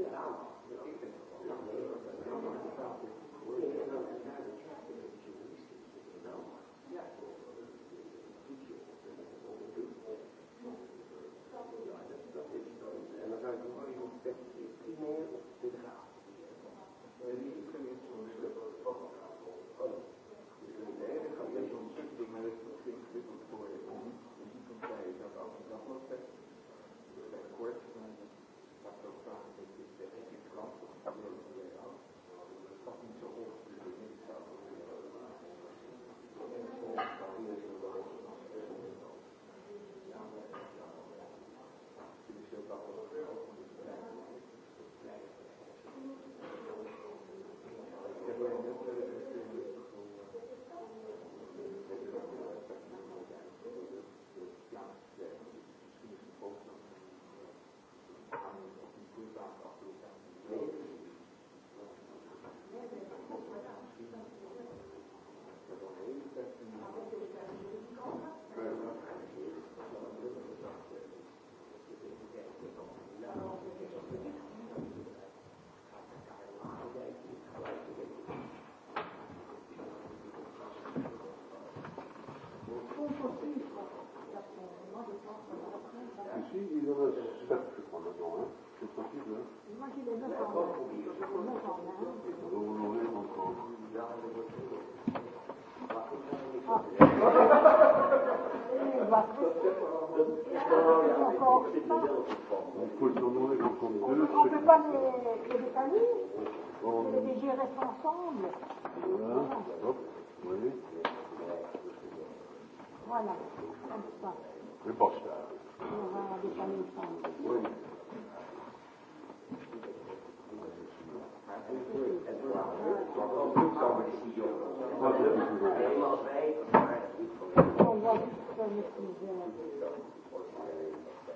Yeah. Yeah. on ne peut pas. Il demander quand on est deux. On ne peut pas les, les détailler. On les gérer ensemble. Voilà. Hop. Oui. Voilà. Comme ça. C'est pas ça. On va Oui. On juste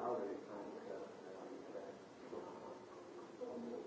Ja.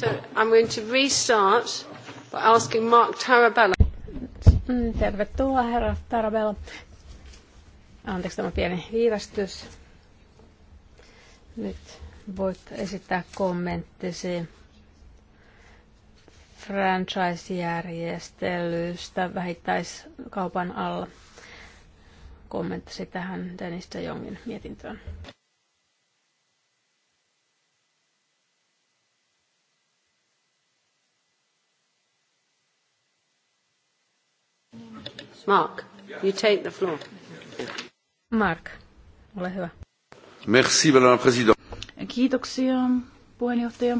So I'm going to restart by asking Mark Tarabella. Mm, tervetuloa, herra Tarabella. Anteeksi tämä pieni viivästys. Nyt voit esittää kommenttisi franchise-järjestelystä vähittäiskaupan alla. Kommenttisi tähän Dennis de Jongin mietintöön. Mark, you take the floor. Mark, ole hyvä. Merci, madame president. Kiitoksia, puheenjohtaja.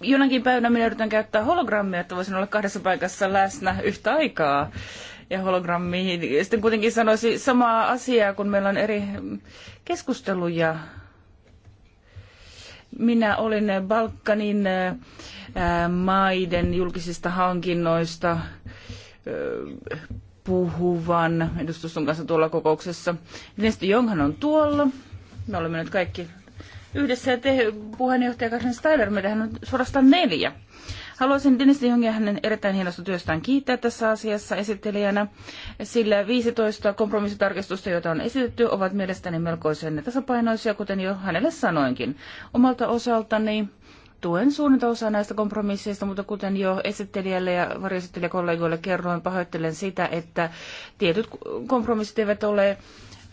Jonakin päivänä minä yritän käyttää hologrammia, että voisin olla kahdessa paikassa läsnä yhtä aikaa ja hologrammiin. Sitten kuitenkin sanoisin samaa asiaa, kun meillä on eri keskusteluja minä olin Balkanin äh, maiden julkisista hankinnoista äh, puhuvan edustuston kanssa tuolla kokouksessa. Nesti Jonghan on tuolla. Me olemme nyt kaikki yhdessä ja te puheenjohtaja Karin Styler, meitähän on suorastaan neljä. Haluaisin Dennis de Jongia hänen erittäin hienosta työstään kiittää tässä asiassa esittelijänä, sillä 15 kompromissitarkistusta, joita on esitetty, ovat mielestäni melkoisen tasapainoisia, kuten jo hänelle sanoinkin. Omalta osaltani tuen suurinta osaa näistä kompromisseista, mutta kuten jo esittelijälle ja varjoesittelijäkollegoille kerroin, pahoittelen sitä, että tietyt kompromissit eivät ole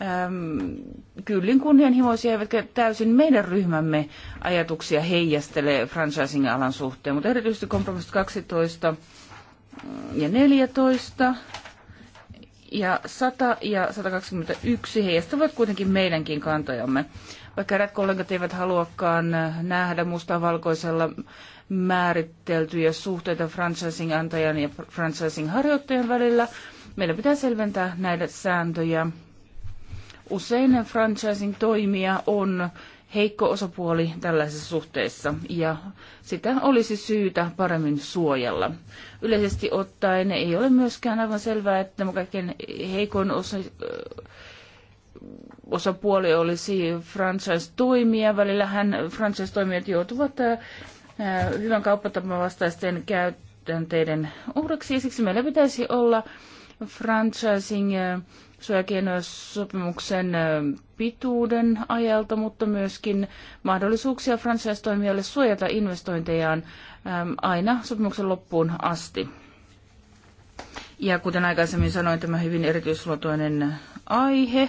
äm, kyllin kunnianhimoisia, eivätkä täysin meidän ryhmämme ajatuksia heijastele franchising-alan suhteen, mutta erityisesti kompromissit 12 ja 14 ja 100 ja 121 heijastavat kuitenkin meidänkin kantojamme. Vaikka eräät kollegat eivät haluakaan nähdä mustavalkoisella määriteltyjä suhteita franchising-antajan ja franchising-harjoittajan välillä, meidän pitää selventää näitä sääntöjä Usein franchising-toimija on heikko osapuoli tällaisessa suhteessa ja sitä olisi syytä paremmin suojella. Yleisesti ottaen ei ole myöskään aivan selvää, että tämä kaikkein heikoin osa, osapuoli olisi franchise-toimija. Välillähän franchise-toimijat joutuvat hyvän kauppatapan vastaisten käytänteiden uhreksi. Siksi meillä pitäisi olla franchising sopimuksen pituuden ajalta, mutta myöskin mahdollisuuksia franchise-toimijoille suojata investointejaan aina sopimuksen loppuun asti. Ja kuten aikaisemmin sanoin, tämä hyvin erityisluotoinen aihe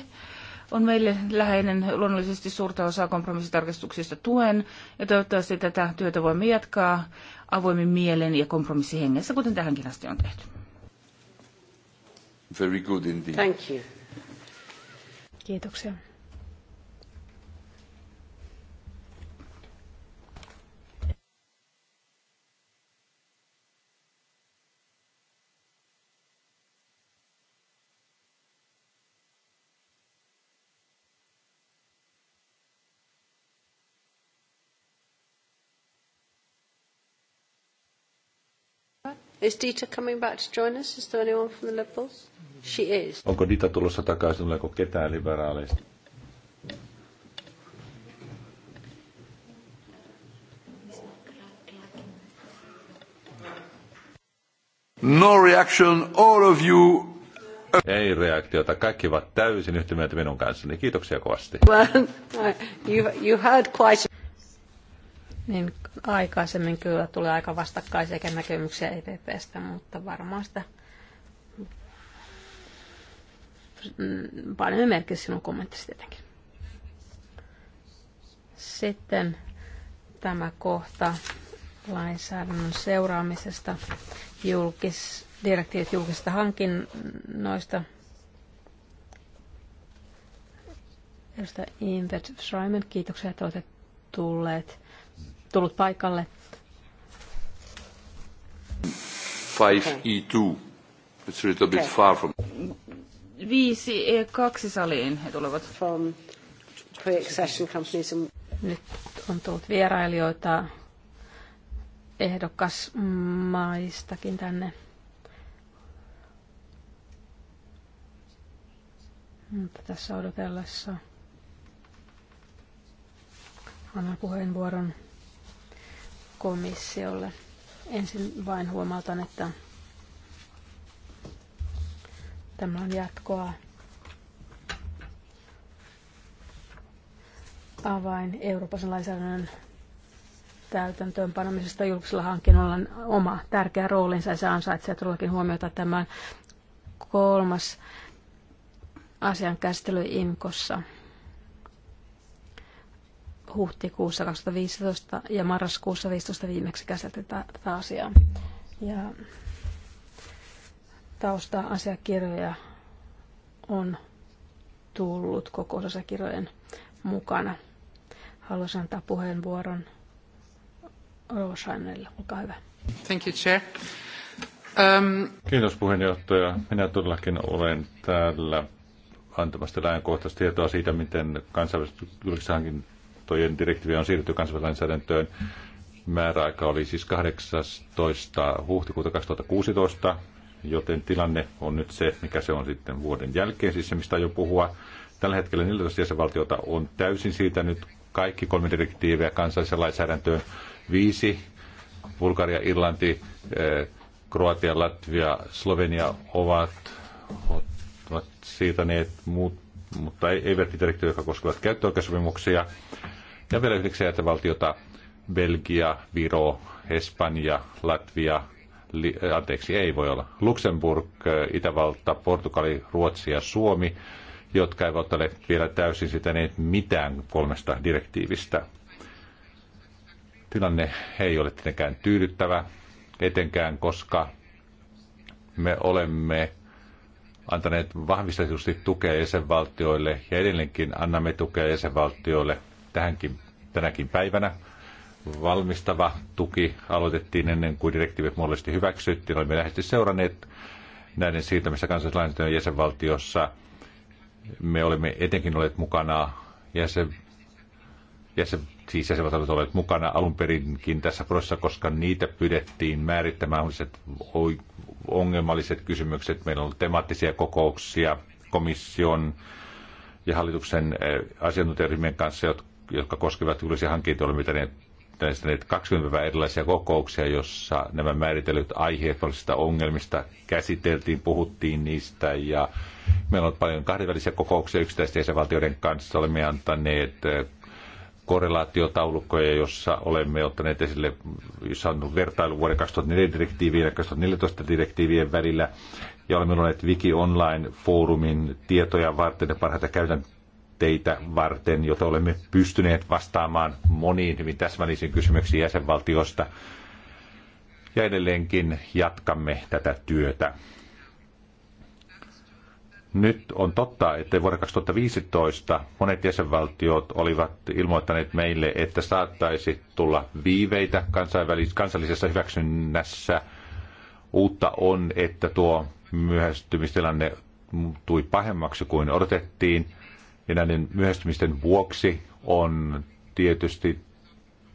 on meille läheinen. Luonnollisesti suurta osaa kompromissitarkastuksista tuen ja toivottavasti tätä työtä voimme jatkaa avoimin mielen ja kompromissihengessä, kuten tähänkin asti on tehty. Very good indeed. Thank you. Kiitoksia. Is Dieter coming back to join us? Is there anyone from the Liberals? She is. Onko Dita tulossa takaisin, tuleeko ketään liberaaleista? No reaction, all of you. Ei reaktiota. Kaikki ovat täysin yhtä mieltä minun kanssani. Kiitoksia kovasti. Well, you, you had quite... Niin aikaisemmin kyllä tuli aika vastakkaisia näkemyksiä EPPstä, mutta varmaan sitä Mm, panemme merkille sinun kommenttisi tietenkin. Sitten tämä kohta lainsäädännön seuraamisesta, julkis, direktiivit julkisista hankinnoista. Josta Invert Schreiman, kiitoksia, että olette tulleet, tullut paikalle. 5E2. E okay. It's a little okay. bit far from... Viisi e kaksi saliin he tulevat. From pre-accession companies and... Nyt on tullut vierailijoita ehdokasmaistakin tänne. Mutta tässä odotellessa annan puheenvuoron komissiolle. Ensin vain huomautan, että Tämä on jatkoa avain Euroopan lainsäädännön panemisesta julkisella hankinnolla oma tärkeä roolinsa ja se ansaitsee todellakin huomiota tämän kolmas asian käsittely Inkossa huhtikuussa 2015 ja marraskuussa 2015 viimeksi käsiteltiin tätä asiaa. Ja tausta-asiakirjoja on tullut kokousasiakirjojen mukana. Haluaisin antaa puheenvuoron Roosainelle. Olkaa hyvä. Thank you, Chair. Um... Kiitos puheenjohtaja. Minä todellakin olen täällä antamasta laajankohtaista tietoa siitä, miten kansainväliset tojen direktiivi on siirretty kansainvälisäädäntöön. määräaika oli siis 18. huhtikuuta 2016 joten tilanne on nyt se, mikä se on sitten vuoden jälkeen, siis se mistä jo puhua. Tällä hetkellä 14 jäsenvaltiota on täysin siitä nyt kaikki kolme direktiiviä kansalliseen lainsäädäntöön. Viisi, Bulgaria, Irlanti, eh, Kroatia, Latvia, Slovenia ovat, ovat siitäneet muut, mutta ei direktiivit, jotka koskevat käyttöoikeusopimuksia. Ja vielä yhdeksän jäsenvaltiota, Belgia, Viro, Espanja, Latvia, li, äh, anteeksi, ei voi olla, Luxemburg, äh, Itävalta, Portugali, Ruotsi ja Suomi, jotka eivät ole vielä täysin niin mitään kolmesta direktiivistä. Tilanne ei ole tietenkään tyydyttävä, etenkään koska me olemme antaneet vahvistetusti tukea jäsenvaltioille ja edelleenkin annamme tukea jäsenvaltioille tähänkin, tänäkin päivänä – valmistava tuki aloitettiin ennen kuin direktiivit muodollisesti hyväksyttiin. Olemme läheisesti seuranneet näiden siirtämistä kansallislainsäädännön jäsenvaltiossa. Me olemme etenkin olleet mukana jäsen, jäsen, siis jäsenvaltiot olleet mukana alun perinkin tässä prosessissa, koska niitä pyydettiin määrittämään ongelmalliset kysymykset. Meillä on ollut temaattisia kokouksia komission ja hallituksen asiantuntijaryhmien kanssa, jotka jotka koskevat julkisia hankintoja, olemme pitäneet järjestäneet 20 päivää erilaisia kokouksia, jossa nämä määritellyt aiheet olisista ongelmista käsiteltiin, puhuttiin niistä ja meillä on paljon kahdenvälisiä kokouksia yksittäisten jäsenvaltioiden kanssa. Olemme antaneet eh, korrelaatiotaulukkoja, jossa olemme ottaneet esille, jossa on vertailu vuoden 2004 direktiivien ja 2014 direktiivien välillä, ja olemme luoneet Wiki Online-foorumin tietoja varten ja parhaita käytäntöjä teitä varten, jota olemme pystyneet vastaamaan moniin hyvin täsmällisiin kysymyksiin jäsenvaltiosta. Ja edelleenkin jatkamme tätä työtä. Nyt on totta, että vuonna 2015 monet jäsenvaltiot olivat ilmoittaneet meille, että saattaisi tulla viiveitä kansallisessa hyväksynnässä. Uutta on, että tuo myöhästymistilanne muuttui pahemmaksi kuin odotettiin. Ja näiden myöhästymisten vuoksi on tietysti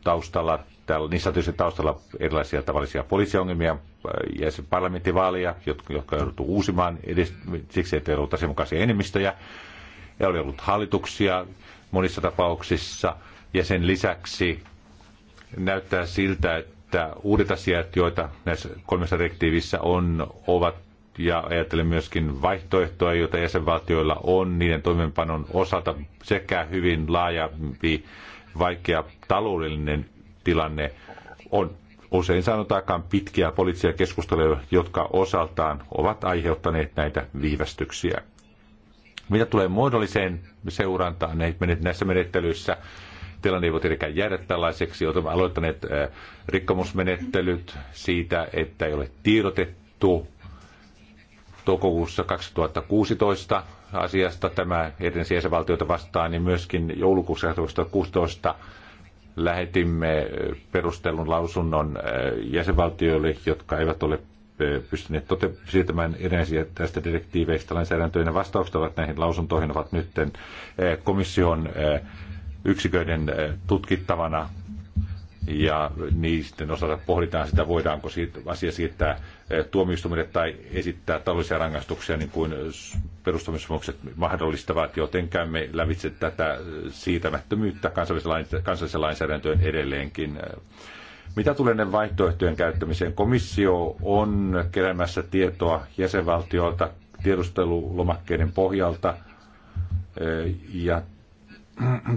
taustalla, täällä, niissä tietysti taustalla erilaisia tavallisia poliisiongelmia ja sen parlamenttivaaleja, jotka, jotka on jouduttu uusimaan edes, siksi, että ei ollut asianmukaisia enemmistöjä. Ja oli ollut hallituksia monissa tapauksissa. Ja sen lisäksi näyttää siltä, että uudet asiat, joita näissä kolmessa direktiivissä on, ovat ja ajattelen myöskin vaihtoehtoja, joita jäsenvaltioilla on niiden toimenpanon osalta sekä hyvin laajempi vaikea taloudellinen tilanne on usein sanotaankaan pitkiä poliittisia keskusteluja, jotka osaltaan ovat aiheuttaneet näitä viivästyksiä. Mitä tulee muodolliseen seurantaan näissä menettelyissä, tilanne ei voi tietenkään jäädä tällaiseksi. Olemme aloittaneet rikkomusmenettelyt siitä, että ei ole tiedotettu toukokuussa 2016 asiasta. Tämä etensi jäsenvaltioita vastaan, niin myöskin joulukuussa 2016 lähetimme perustellun lausunnon äh, jäsenvaltioille, jotka eivät ole äh, pystyneet tote- siirtämään edellisiä tästä direktiiveistä lainsäädäntöön. Ja vastaukset ovat näihin lausuntoihin ovat nyt äh, komission yksiköiden tutkittavana ja sitten osalta pohditaan sitä, voidaanko siitä asia siirtää eh, tuomioistuimille tai esittää taloudellisia rangaistuksia niin kuin perustamissopimukset mahdollistavat, joten käymme lävitse tätä eh, siitämättömyyttä kansallisen lainsäädäntöön edelleenkin. Mitä tulee ne vaihtoehtojen käyttämiseen? Komissio on keräämässä tietoa jäsenvaltioilta tiedustelulomakkeiden pohjalta eh, ja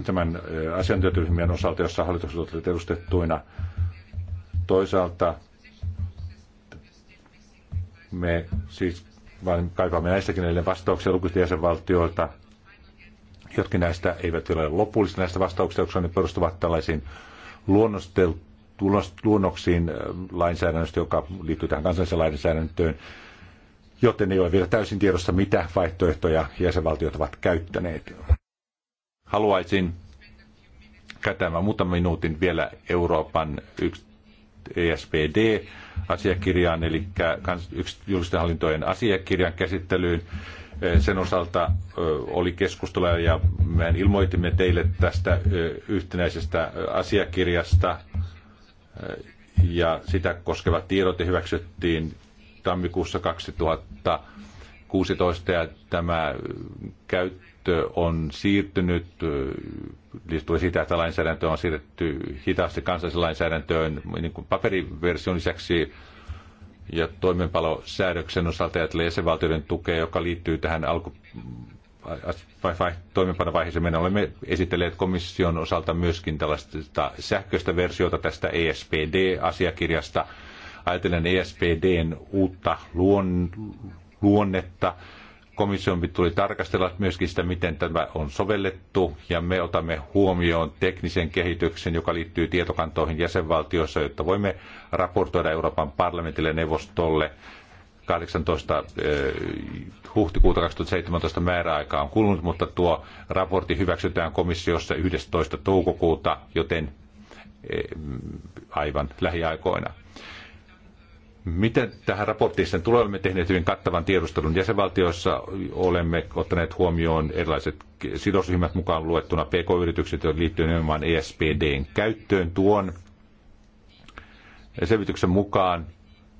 tämän asiantuntijaryhmien osalta, jossa hallitukset olivat edustettuina. Toisaalta me siis vaan kaipaamme näistäkin edelleen vastauksia lukuisista jäsenvaltioilta. Jotkin näistä eivät vielä ole lopullisia näistä vastauksista, koska ne perustuvat tällaisiin luonnoksiin lainsäädännöstä, joka liittyy tähän kansalliseen lainsäädäntöön, joten ei ole vielä täysin tiedossa, mitä vaihtoehtoja jäsenvaltiot ovat käyttäneet. Haluaisin käyttää muutaman minuutin vielä Euroopan ESPD-asiakirjaan, eli julkisten hallintojen asiakirjan käsittelyyn. E, sen osalta oli keskustelua ja me ilmoitimme teille tästä yhtenäisestä asiakirjasta e, ja sitä koskevat tiedot hyväksyttiin tammikuussa 2016 ja tämä käyttö on siirtynyt, liittyen siitä, että lainsäädäntö on siirretty hitaasti kansalliseen lainsäädäntöön, niin kuin paperiversion lisäksi ja toimenpalosäädöksen osalta ja jäsenvaltioiden tukea, joka liittyy tähän alku, toimenpanovaiheeseen. Me olemme esitelleet komission osalta myöskin tällaista sähköistä versiota tästä ESPD-asiakirjasta. Ajatellen ESPDn uutta luon, luonnetta, komission tuli tarkastella myöskin sitä, miten tämä on sovellettu, ja me otamme huomioon teknisen kehityksen, joka liittyy tietokantoihin jäsenvaltioissa, jotta voimme raportoida Euroopan parlamentille ja neuvostolle 18. huhtikuuta 2017 määräaika on kulunut, mutta tuo raportti hyväksytään komissiossa 11. toukokuuta, joten aivan lähiaikoina. Miten tähän raporttiin sen tulee? Olemme tehneet hyvin kattavan tiedustelun jäsenvaltioissa. Olemme ottaneet huomioon erilaiset sidosryhmät mukaan luettuna PK-yritykset, jotka liittyvät nimenomaan ESPDn käyttöön. Tuon selvityksen mukaan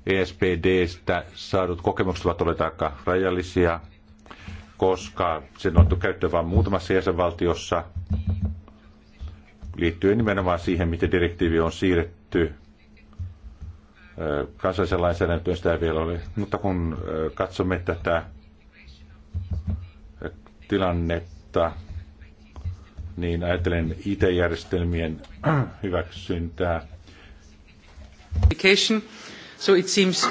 ESPDstä saadut kokemukset ovat olleet aika rajallisia, koska se on otettu käyttöön vain muutamassa jäsenvaltiossa liittyen nimenomaan siihen, miten direktiivi on siirretty kansallisen lainsäädäntöön sitä ei vielä ole. Mutta kun katsomme tätä tilannetta, niin ajattelen IT-järjestelmien hyväksyntää. So it seems...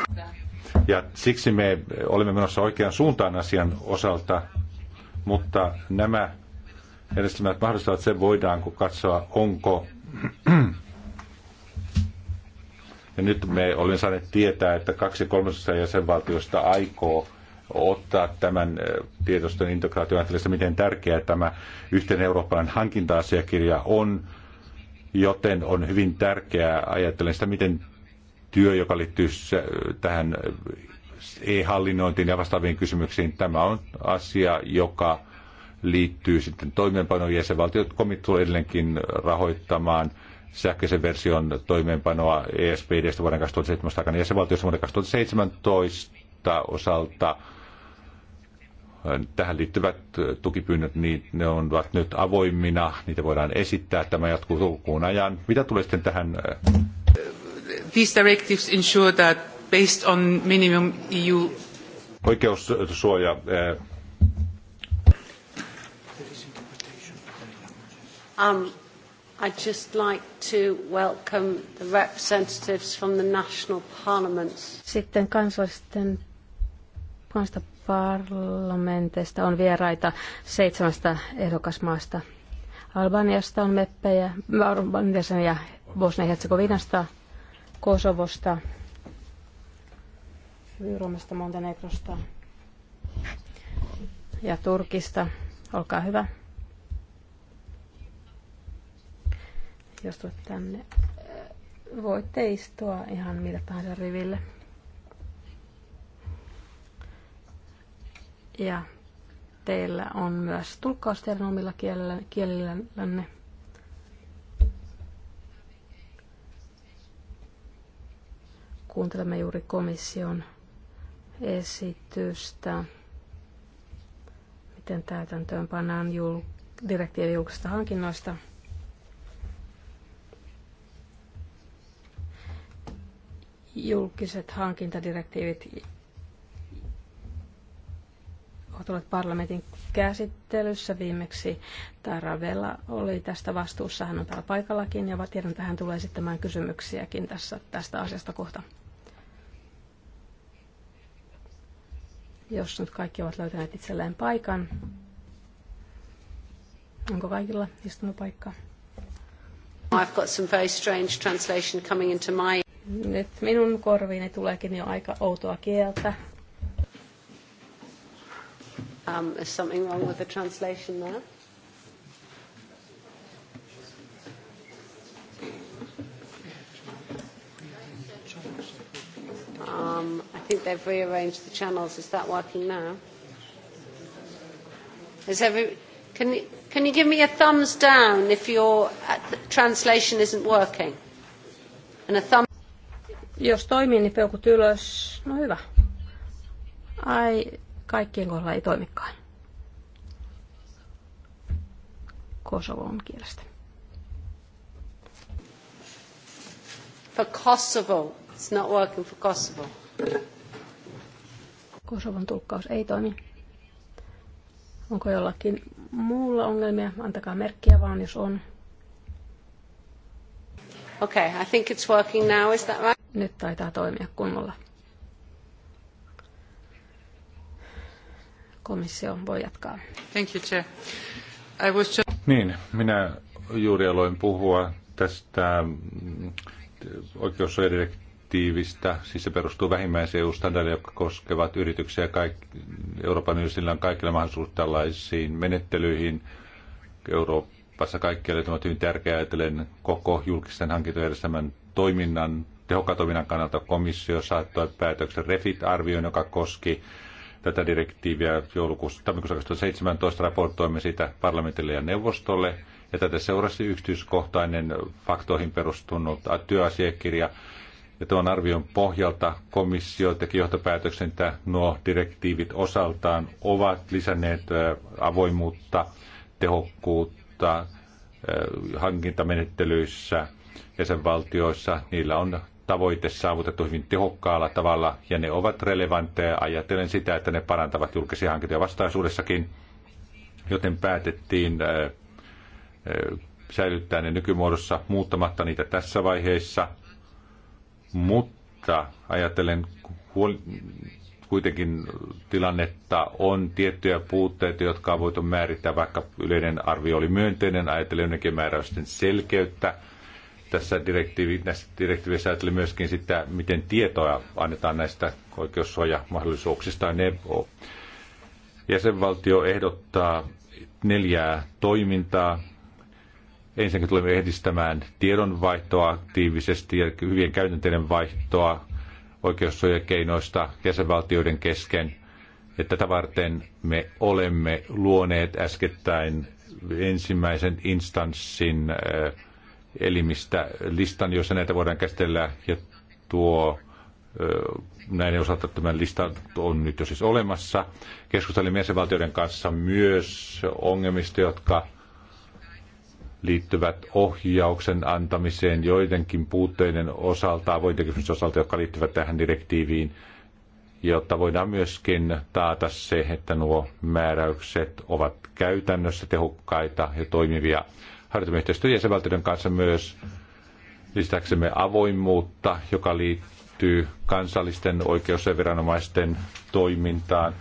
Ja siksi me olemme menossa oikean suuntaan asian osalta, mutta nämä järjestelmät mahdollistavat sen, kun katsoa, onko ja nyt me olemme saaneet tietää, että kaksi kolmasosaa jäsenvaltiosta aikoo ottaa tämän eh, tiedoston integraation miten tärkeää tämä yhteinen Euroopan hankinta-asiakirja on, joten on hyvin tärkeää ajatellen sitä, miten työ, joka liittyy tähän eh, e-hallinnointiin ja vastaaviin kysymyksiin, tämä on asia, joka liittyy sitten toimeenpanoon. Jäsenvaltiot komit tulee edelleenkin rahoittamaan – sähköisen version toimeenpanoa ESPDstä vuoden 2017 aikana jäsenvaltiossa vuoden 2017 osalta. Äh, tähän liittyvät äh, tukipyynnöt, niin ne ovat nyt avoimina, niitä voidaan esittää, tämä jatkuu toukokuun ajan. Mitä tulee sitten tähän? Äh? These directives ensure that based on minimum EU... Oikeussuoja Um, I'd just like to welcome the representatives from the national parliaments. Sitten kansallisten kansallista parlamenteista on vieraita seitsemästä ehdokasmaasta. Albaniasta on meppejä, Albaniasta ja Bosnia-Herzegovinasta, Kosovosta, Vyyromasta, Montenegrosta ja Turkista. Olkaa hyvä. jos tulet tänne, voitte istua ihan millä tahansa riville. Ja teillä on myös tulkkaus teidän omilla kielillänne. Kuuntelemme juuri komission esitystä, miten täytäntöön pannaan jul- direktiivi julkisista hankinnoista – julkiset hankintadirektiivit ovat parlamentin käsittelyssä. Viimeksi vella oli tästä vastuussa. Hän on täällä paikallakin ja tiedän, että hän tulee esittämään kysymyksiäkin tässä, tästä asiasta kohta. Jos nyt kaikki ovat löytäneet itselleen paikan. Onko kaikilla istumapaikka? I've got some very strange translation coming into my nyt minun korviini tuleekin jo aika outoa kieltä. Um, is something wrong with the translation there? Um, I think they've rearranged the channels. Is that working now? Is every, can, you, can you give me a thumbs down if your uh, translation isn't working? And a thumb jos toimii, niin peukut ylös. No hyvä. Ai, kaikkien kohdalla ei toimikaan. Kosovon kielestä. For Kosovo. It's not working for Kosovo. Kosovon tulkkaus ei toimi. Onko jollakin muulla ongelmia? Antakaa merkkiä vaan, jos on. Okay, I think it's working now, is that right? Nyt taitaa toimia kunnolla. Komissio voi jatkaa. Thank you, Chair. I was just... Niin, minä juuri aloin puhua tästä mm, oikeussuojadirektiivistä, siis se perustuu vähimmäiseen eu standardeihin jotka koskevat yrityksiä. Kaik, Euroopan yhdistillä on kaikille mahdollisuus tällaisiin menettelyihin. Euroopassa kaikkialle on hyvin tärkeää ajatellen koko julkisten hankintojärjestelmän toiminnan tehokatovinnan kannalta komissio saattoi päätöksen refit arvioin joka koski tätä direktiiviä joulukuussa 2017 raportoimme sitä parlamentille ja neuvostolle. Ja tätä seurasi yksityiskohtainen faktoihin perustunut työasiakirja. Ja tuon arvion pohjalta komissio teki johtopäätöksen, että nuo direktiivit osaltaan ovat lisänneet avoimuutta, tehokkuutta hankintamenettelyissä jäsenvaltioissa. Niillä on tavoite saavutettu hyvin tehokkaalla tavalla ja ne ovat relevantteja ajatellen sitä, että ne parantavat julkisia hankintoja vastaisuudessakin, joten päätettiin äh, äh, säilyttää ne nykymuodossa muuttamatta niitä tässä vaiheessa, mutta ajatellen kuitenkin tilannetta on tiettyjä puutteita, jotka on voitu määrittää, vaikka yleinen arvio oli myönteinen, ajatellen jonnekin määräysten selkeyttä – tässä direktiivi, näissä direktiivissä ajattelin myöskin sitä, miten tietoa annetaan näistä oikeussuojamahdollisuuksista. Ne jäsenvaltio ehdottaa neljää toimintaa. Ensinnäkin tulemme edistämään tiedonvaihtoa aktiivisesti ja hyvien käytänteiden vaihtoa oikeussuojakeinoista jäsenvaltioiden kesken. Ja tätä varten me olemme luoneet äskettäin ensimmäisen instanssin äh, elimistä listan, jossa näitä voidaan käsitellä, ja tuo näiden osalta tämän lista on nyt jo siis olemassa. Keskustelimme jäsenvaltioiden kanssa myös ongelmista, jotka liittyvät ohjauksen antamiseen joidenkin puutteiden osalta, avointekysymys osalta, jotka liittyvät tähän direktiiviin, jotta voidaan myöskin taata se, että nuo määräykset ovat käytännössä tehokkaita ja toimivia harjoitamme yhteistyötä jäsenvaltioiden kanssa myös lisäksemme avoimuutta, joka liittyy kansallisten oikeus- ja viranomaisten toimintaan.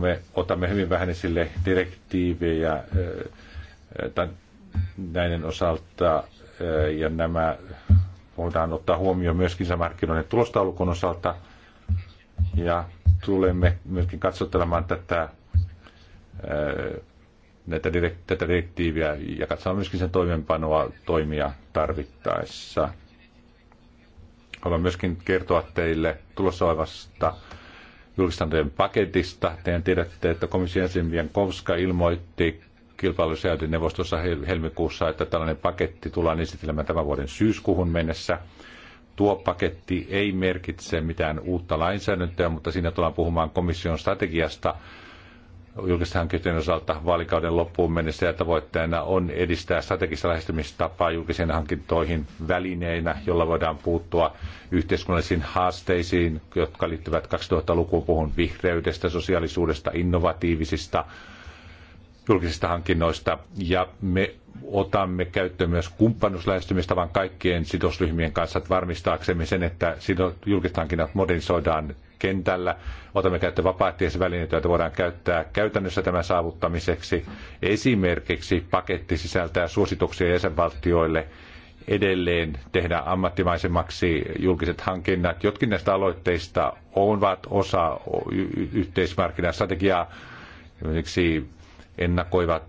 Me otamme hyvin vähän esille direktiivejä näiden osalta ja nämä voidaan ottaa huomioon myöskin markkinoiden tulostaulukon osalta. Ja tulemme myöskin katsottelemaan tätä näitä direk- tätä direktiiviä ja katsotaan myöskin sen toimenpanoa toimia tarvittaessa. Haluan myöskin kertoa teille tulossa olevasta julkistantojen paketista. Teidän tiedätte, että komission jäsen Kovska ilmoitti kilpailusäädön neuvostossa helmikuussa, että tällainen paketti tullaan esittelemään tämän vuoden syyskuuhun mennessä. Tuo paketti ei merkitse mitään uutta lainsäädäntöä, mutta siinä tullaan puhumaan komission strategiasta – julkisten hankintojen osalta vaalikauden loppuun mennessä ja tavoitteena on edistää strategista lähestymistapaa julkisiin hankintoihin välineinä, jolla voidaan puuttua yhteiskunnallisiin haasteisiin, jotka liittyvät 2000-lukuun. Puhun vihreydestä, sosiaalisuudesta, innovatiivisista julkisista hankinnoista ja me otamme käyttöön myös kumppanuuslähestymistavan kaikkien sidosryhmien kanssa varmistaaksemme sen, että julkiset hankinnat modernisoidaan kentällä. Otamme käyttöön vapaaehtoisvälineitä, joita voidaan käyttää käytännössä tämän saavuttamiseksi. Esimerkiksi paketti sisältää suosituksia jäsenvaltioille edelleen tehdä ammattimaisemmaksi julkiset hankinnat. Jotkin näistä aloitteista ovat osa yhteismarkkinastrategiaa, esimerkiksi ennakoivat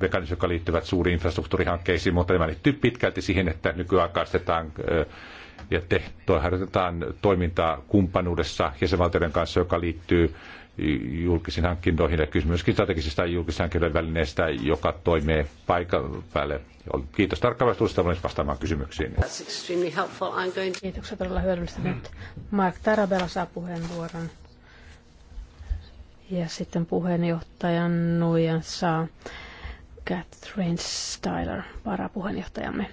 mekanismit, jotka liittyvät suuriin infrastruktuurihankkeisiin, mutta nämä liittyy pitkälti siihen, että nykyaikaistetaan ja te, to, harjoitetaan toimintaa kumppanuudessa jäsenvaltioiden kanssa, joka liittyy julkisiin hankintoihin ja kysymys myöskin strategisista julkisen hankintojen välineistä, joka toimii paikan päälle. Kiitos tarkkaavasti olen vastaamaan kysymyksiin. Kiitoksia todella hyödyllistä. Nyt Mark Tarabella saa puheenvuoron. Ja sitten puheenjohtajan nuijan saa Catherine Styler, varapuheenjohtajamme.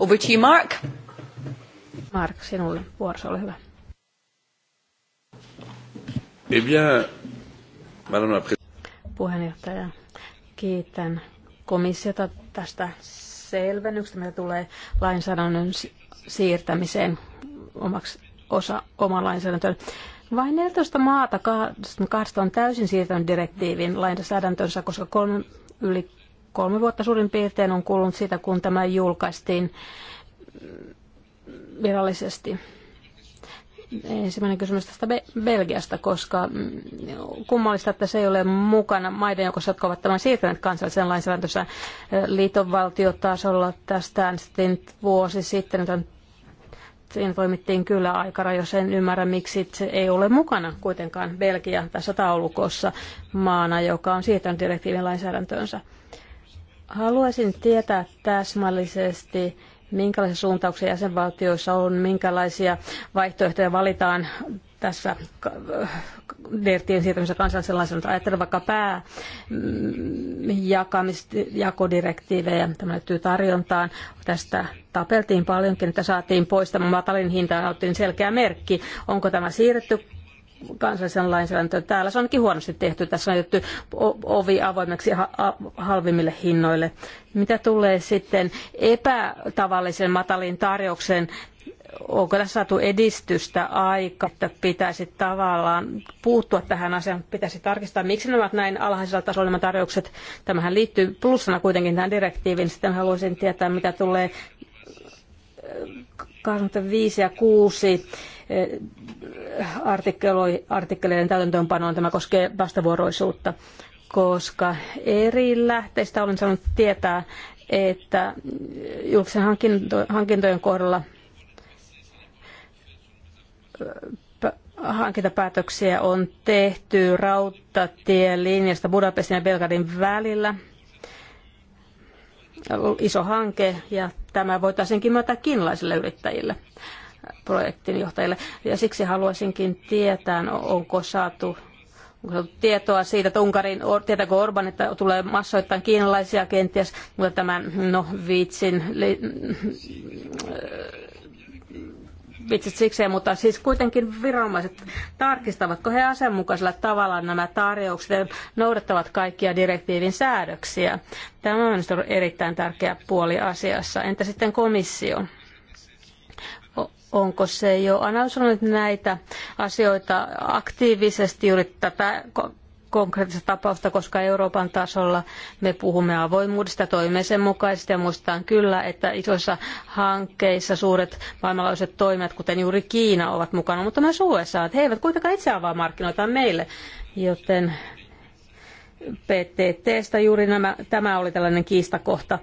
Over to you, Mark. Mark, sinulle vuorossa, ole hyvä. Eh bien, madame la Puheenjohtaja, kiitän komissiota tästä selvennyksestä, mitä tulee lainsäädännön siirtämiseen omaksi osa oman lainsäädäntöön. Vain 14 maata kahdesta on täysin siirtänyt direktiivin lainsäädäntönsä, koska kolme yli Kolme vuotta suurin piirtein on kulunut siitä, kun tämä julkaistiin virallisesti. Ensimmäinen kysymys tästä Belgiasta, koska mm, kummallista, että se ei ole mukana maiden joukossa, jotka ovat tämän siirtäneet kansallisen lainsäädäntössä liitonvaltiotasolla. Tästä äänestettiin vuosi sitten, nyt siinä toimittiin kyllä aikara, jos en ymmärrä, miksi se ei ole mukana kuitenkaan Belgia tässä taulukossa maana, joka on siirtänyt direktiivin lainsäädäntöönsä. Haluaisin tietää täsmällisesti, minkälaisia suuntauksia jäsenvaltioissa on, minkälaisia vaihtoehtoja valitaan tässä DERTien siirtymisessä kansallisen lainsäädäntöön. Ajattelen vaikka pää mm, jakodirektiivejä, tämä liittyy tarjontaan. Tästä tapeltiin paljonkin, että saatiin poistamaan matalin hintaan, ja selkeä merkki. Onko tämä siirretty kansallisen lainsäädäntöön. Täällä se onkin huonosti tehty. Tässä on jätetty ovi avoimeksi halvimmille hinnoille. Mitä tulee sitten epätavallisen matalin tarjouksen onko tässä saatu edistystä aika, että pitäisi tavallaan puuttua tähän asiaan, pitäisi tarkistaa, miksi nämä ovat näin alhaisella tasolla nämä tarjoukset. Tämähän liittyy plussana kuitenkin tähän direktiiviin. Sitten haluaisin tietää, mitä tulee 25 eh, ja 6 Eh, artikkeleiden täytäntöönpanoon. Tämä koskee vastavuoroisuutta, koska eri lähteistä olen saanut tietää, että julkisen hankintojen kohdalla eh, hankintapäätöksiä on tehty rautatielinjasta Budapestin ja Belgradin välillä. Iso hanke ja tämä voitaisiinkin myöntää kiinalaisille yrittäjille projektinjohtajille. Ja siksi haluaisinkin tietää, onko saatu onko saatu tietoa siitä, että Unkarin, tietääkö Orban, että tulee massoittain kiinalaisia kenties, mutta tämän, no, viitsin, li, vitsit sikseen, mutta siis kuitenkin viranomaiset tarkistavatko he asianmukaisella tavalla nämä tarjoukset ja noudattavat kaikkia direktiivin säädöksiä. Tämä on erittäin tärkeä puoli asiassa. Entä sitten komissio? onko se jo analysoinut näitä asioita aktiivisesti juuri tätä konkreettista tapausta, koska Euroopan tasolla me puhumme avoimuudesta toimeisen mukaisesti ja muistetaan kyllä, että isoissa hankkeissa suuret maailmanlaajuiset toimijat, kuten juuri Kiina, ovat mukana, mutta myös USA, että he eivät kuitenkaan itse avaa markkinoita meille, joten PTTstä juuri nämä, tämä oli tällainen kiistakohta.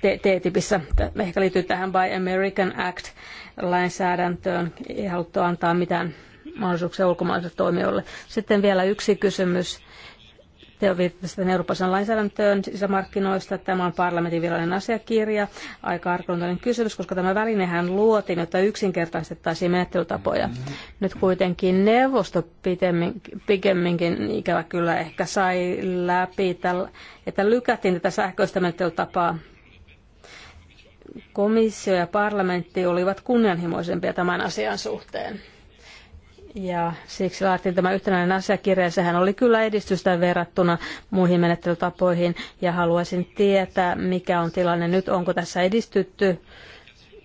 TTIPissä. Ehkä liittyy tähän Buy American Act-lainsäädäntöön. Ei haluttu antaa mitään mahdollisuuksia ulkomaalaisille toimijoille. Sitten vielä yksi kysymys. Te viittasitte Euroopan lainsäädäntöön sisämarkkinoista. Tämä on parlamentin virallinen asiakirja. Aika arkaluontoinen kysymys, koska tämä välinehän luotiin, jotta yksinkertaistettaisiin menettelytapoja. Nyt kuitenkin neuvosto pikemminkin ikävä kyllä ehkä sai läpi, että lykättiin tätä sähköistä menettelytapaa komissio ja parlamentti olivat kunnianhimoisempia tämän asian suhteen. Ja siksi laatiin tämä yhtenäinen asiakirja ja sehän oli kyllä edistystä verrattuna muihin menettelytapoihin ja haluaisin tietää, mikä on tilanne nyt, onko tässä edistytty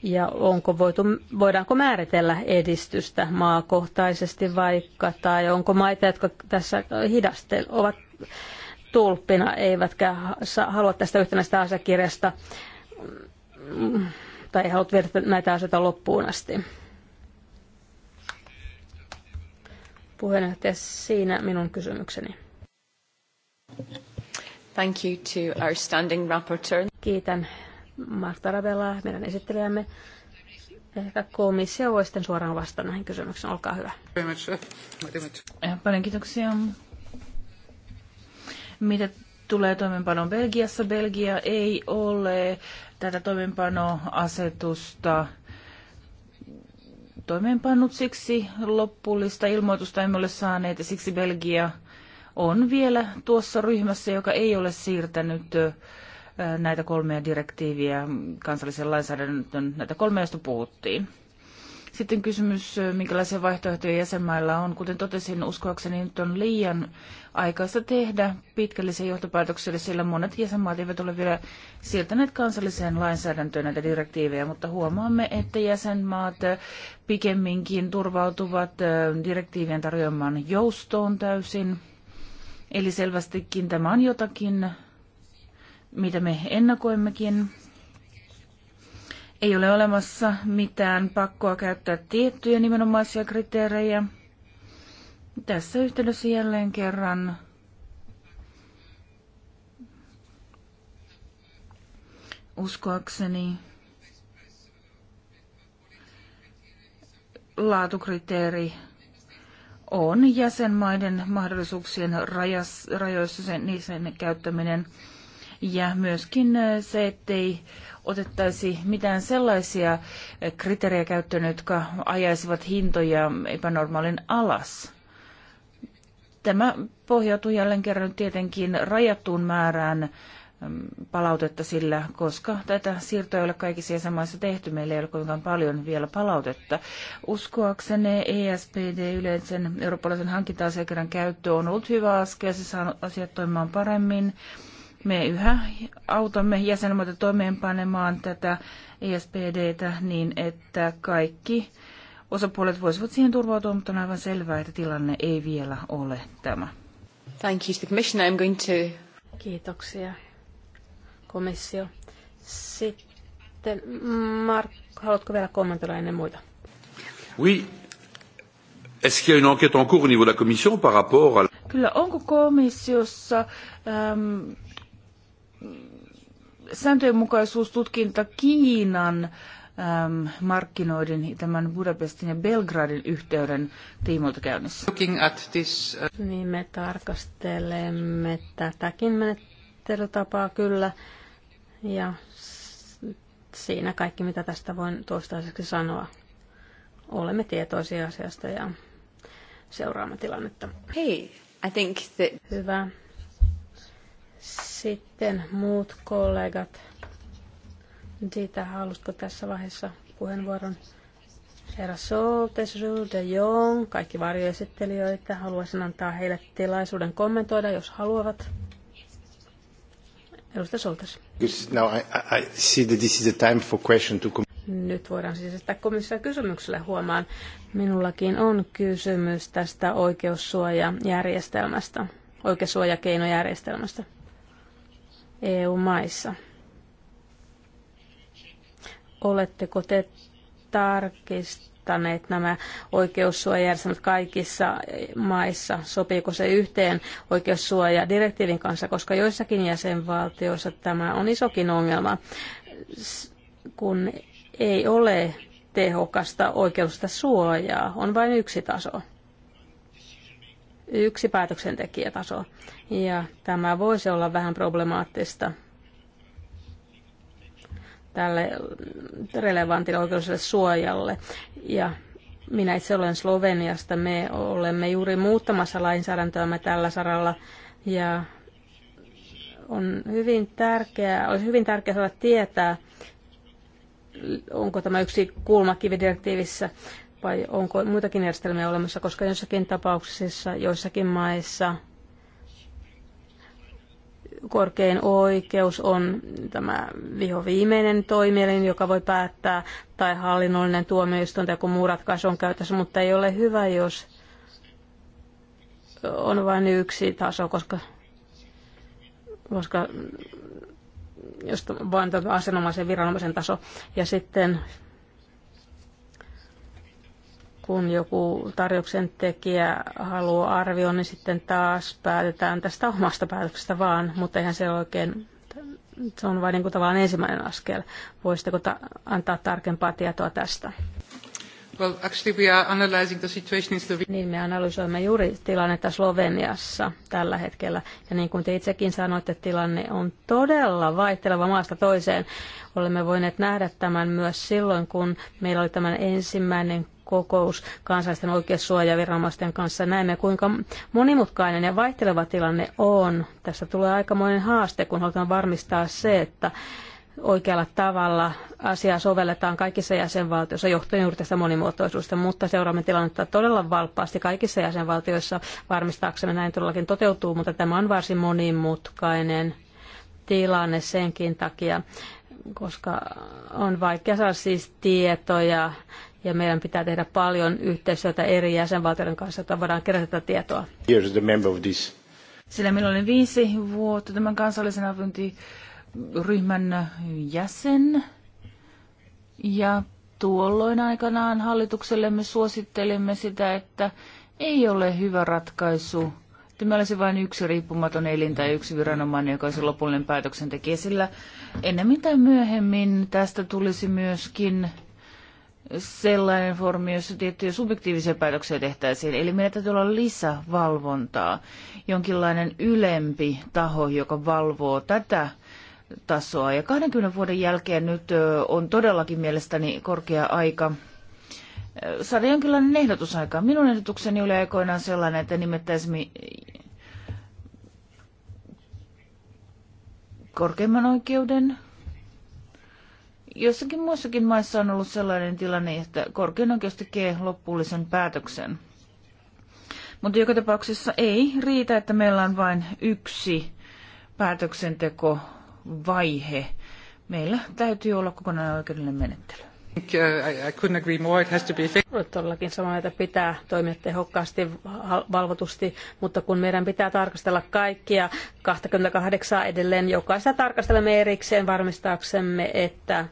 ja onko voitu, voidaanko määritellä edistystä maakohtaisesti vaikka, tai onko maita, jotka tässä hidastel, ovat tulppina, eivätkä halua tästä yhtenäistä asiakirjasta tai haluat viedä näitä asioita loppuun asti. Puheenjohtaja, siinä minun kysymykseni. Thank you to our standing rapporteur. Kiitän Marta Ravellaa, meidän esittelijämme. Ehkä komissio voi sitten suoraan vastata näihin kysymyksiin. Olkaa hyvä. Eh, paljon kiitoksia. Mitä tulee toimeenpanoon Belgiassa? Belgia ei ole tätä toimeenpanoasetusta toimeenpannut siksi loppullista ilmoitusta emme ole saaneet ja siksi Belgia on vielä tuossa ryhmässä, joka ei ole siirtänyt näitä kolmea direktiiviä kansallisen lainsäädännön, näitä kolmea, joista puhuttiin. Sitten kysymys, minkälaisia vaihtoehtoja jäsenmailla on. Kuten totesin, uskoakseni nyt on liian aikaista tehdä pitkällisiä johtopäätöksiä, sillä monet jäsenmaat eivät ole vielä siirtäneet kansalliseen lainsäädäntöön näitä direktiivejä, mutta huomaamme, että jäsenmaat pikemminkin turvautuvat direktiivien tarjoamaan joustoon täysin. Eli selvästikin tämä on jotakin, mitä me ennakoimmekin. Ei ole olemassa mitään pakkoa käyttää tiettyjä nimenomaisia kriteerejä. Tässä yhteydessä jälleen kerran uskoakseni laatukriteeri on jäsenmaiden mahdollisuuksien rajoissa sen, sen käyttäminen ja myöskin äh, se, ettei otettaisi mitään sellaisia äh, kriteerejä käyttöön, jotka ajaisivat hintoja epänormaalin alas. Tämä pohjautuu jälleen kerran tietenkin rajattuun määrään ähm, palautetta sillä, koska tätä siirtoa ei ole kaikissa jäsenmaissa tehty. Meillä ei ole kuinkaan paljon vielä palautetta. Uskoakseni ESPD yleisen eurooppalaisen hankinta-asiakirjan käyttö on ollut hyvä askel. Se saa asiat toimimaan paremmin me yhä autamme jäsenmaita toimeenpanemaan tätä ESPDtä niin, että kaikki osapuolet voisivat siihen turvautua, mutta on aivan selvää, että tilanne ei vielä ole tämä. Thank you the commissioner. I'm going to... Kiitoksia, komissio. Sitten Mark, haluatko vielä kommentoida ennen muita? Oui. Est-ce qu'il y a une enquête en cours au niveau de la commission par rapport à... Kyllä, onko komissiossa ähm, sääntöjenmukaisuustutkinta Kiinan äm, markkinoiden tämän Budapestin ja Belgradin yhteyden tiimoilta käynnissä. This, uh... Niin me tarkastelemme tätäkin menettelytapaa kyllä ja siinä kaikki mitä tästä voin toistaiseksi sanoa. Olemme tietoisia asiasta ja seuraamme tilannetta. Hei, I think that... Hyvä. Sitten muut kollegat. Dita, halusko tässä vaiheessa puheenvuoron? Herra Soltes, de Jong, kaikki varjoesittelijöitä. Haluaisin antaa heille tilaisuuden kommentoida, jos haluavat. Edustaja Soltes. Now I, I see that this is the time for question to nyt voidaan siis esittää komissio kysymykselle huomaan. Minullakin on kysymys tästä oikeussuojajärjestelmästä, oikeussuojakeinojärjestelmästä. EU-maissa. Oletteko te tarkistaneet nämä oikeussuojajärjestelmät kaikissa maissa? Sopiiko se yhteen oikeussuojadirektiivin kanssa, koska joissakin jäsenvaltioissa tämä on isokin ongelma, kun ei ole tehokasta oikeusta suojaa, on vain yksi taso yksi päätöksentekijätaso. Ja tämä voisi olla vähän problemaattista tälle relevantille oikeudelliselle suojalle. Ja minä itse olen Sloveniasta. Me olemme juuri muuttamassa lainsäädäntöämme tällä saralla ja on hyvin tärkeää, olisi hyvin tärkeää saada tietää, onko tämä yksi kulmakivi direktiivissä vai onko muitakin järjestelmiä olemassa, koska jossakin tapauksissa, joissakin maissa korkein oikeus on tämä vihoviimeinen toimielin, joka voi päättää, tai hallinnollinen tuomioistuin tai joku muu ratkaisu on käytössä, mutta ei ole hyvä, jos on vain yksi taso, koska, koska jos vain asianomaisen viranomaisen taso. Ja sitten kun joku tarjouksen tekijä haluaa arvioon, niin sitten taas päätetään tästä omasta päätöksestä vaan, mutta eihän se oikein, se on vain niin kuin tavallaan ensimmäinen askel. Voisitteko ta- antaa tarkempaa tietoa tästä? Well, actually we are analyzing the situation in Slovenia. Niin, me analysoimme juuri tilannetta Sloveniassa tällä hetkellä. Ja niin kuin te itsekin sanoitte, tilanne on todella vaihteleva maasta toiseen. Olemme voineet nähdä tämän myös silloin, kun meillä oli tämän ensimmäinen kokous kansallisten oikeussuojaviranomaisten kanssa. Näemme, kuinka monimutkainen ja vaihteleva tilanne on. Tässä tulee aikamoinen haaste, kun halutaan varmistaa se, että oikealla tavalla asiaa sovelletaan kaikissa jäsenvaltioissa johtuen juuri tästä monimuotoisuudesta, mutta seuraamme tilannetta todella valppaasti kaikissa jäsenvaltioissa varmistaaksemme näin todellakin toteutuu, mutta tämä on varsin monimutkainen tilanne senkin takia, koska on vaikea saada siis tietoja ja meidän pitää tehdä paljon yhteistyötä eri jäsenvaltioiden kanssa, jotta voidaan kerätä tätä tietoa. Sillä minulla oli viisi vuotta tämän kansallisen arviointiryhmän jäsen. Ja tuolloin aikanaan me suosittelimme sitä, että ei ole hyvä ratkaisu. Tämä olisi vain yksi riippumaton elin tai yksi viranomainen, joka olisi lopullinen päätöksentekijä, sillä ennen mitä myöhemmin tästä tulisi myöskin sellainen formi, jossa tiettyjä subjektiivisia päätöksiä tehtäisiin. Eli meillä täytyy olla lisävalvontaa, jonkinlainen ylempi taho, joka valvoo tätä tasoa. Ja 20 vuoden jälkeen nyt on todellakin mielestäni korkea aika saada jonkinlainen ehdotus aikaan. Minun ehdotukseni oli aikoinaan sellainen, että nimettäisimme korkeimman oikeuden Jossakin muissakin maissa on ollut sellainen tilanne, että korkein oikeus tekee loppullisen päätöksen. Mutta joka tapauksessa ei riitä, että meillä on vain yksi päätöksentekovaihe. Meillä täytyy olla kokonaan oikeudellinen menettely. Olen todellakin samaa, että pitää toimia tehokkaasti, valvotusti, mutta kun meidän pitää tarkastella kaikkia 28 edelleen, jokaista tarkastelemme erikseen varmistaaksemme, että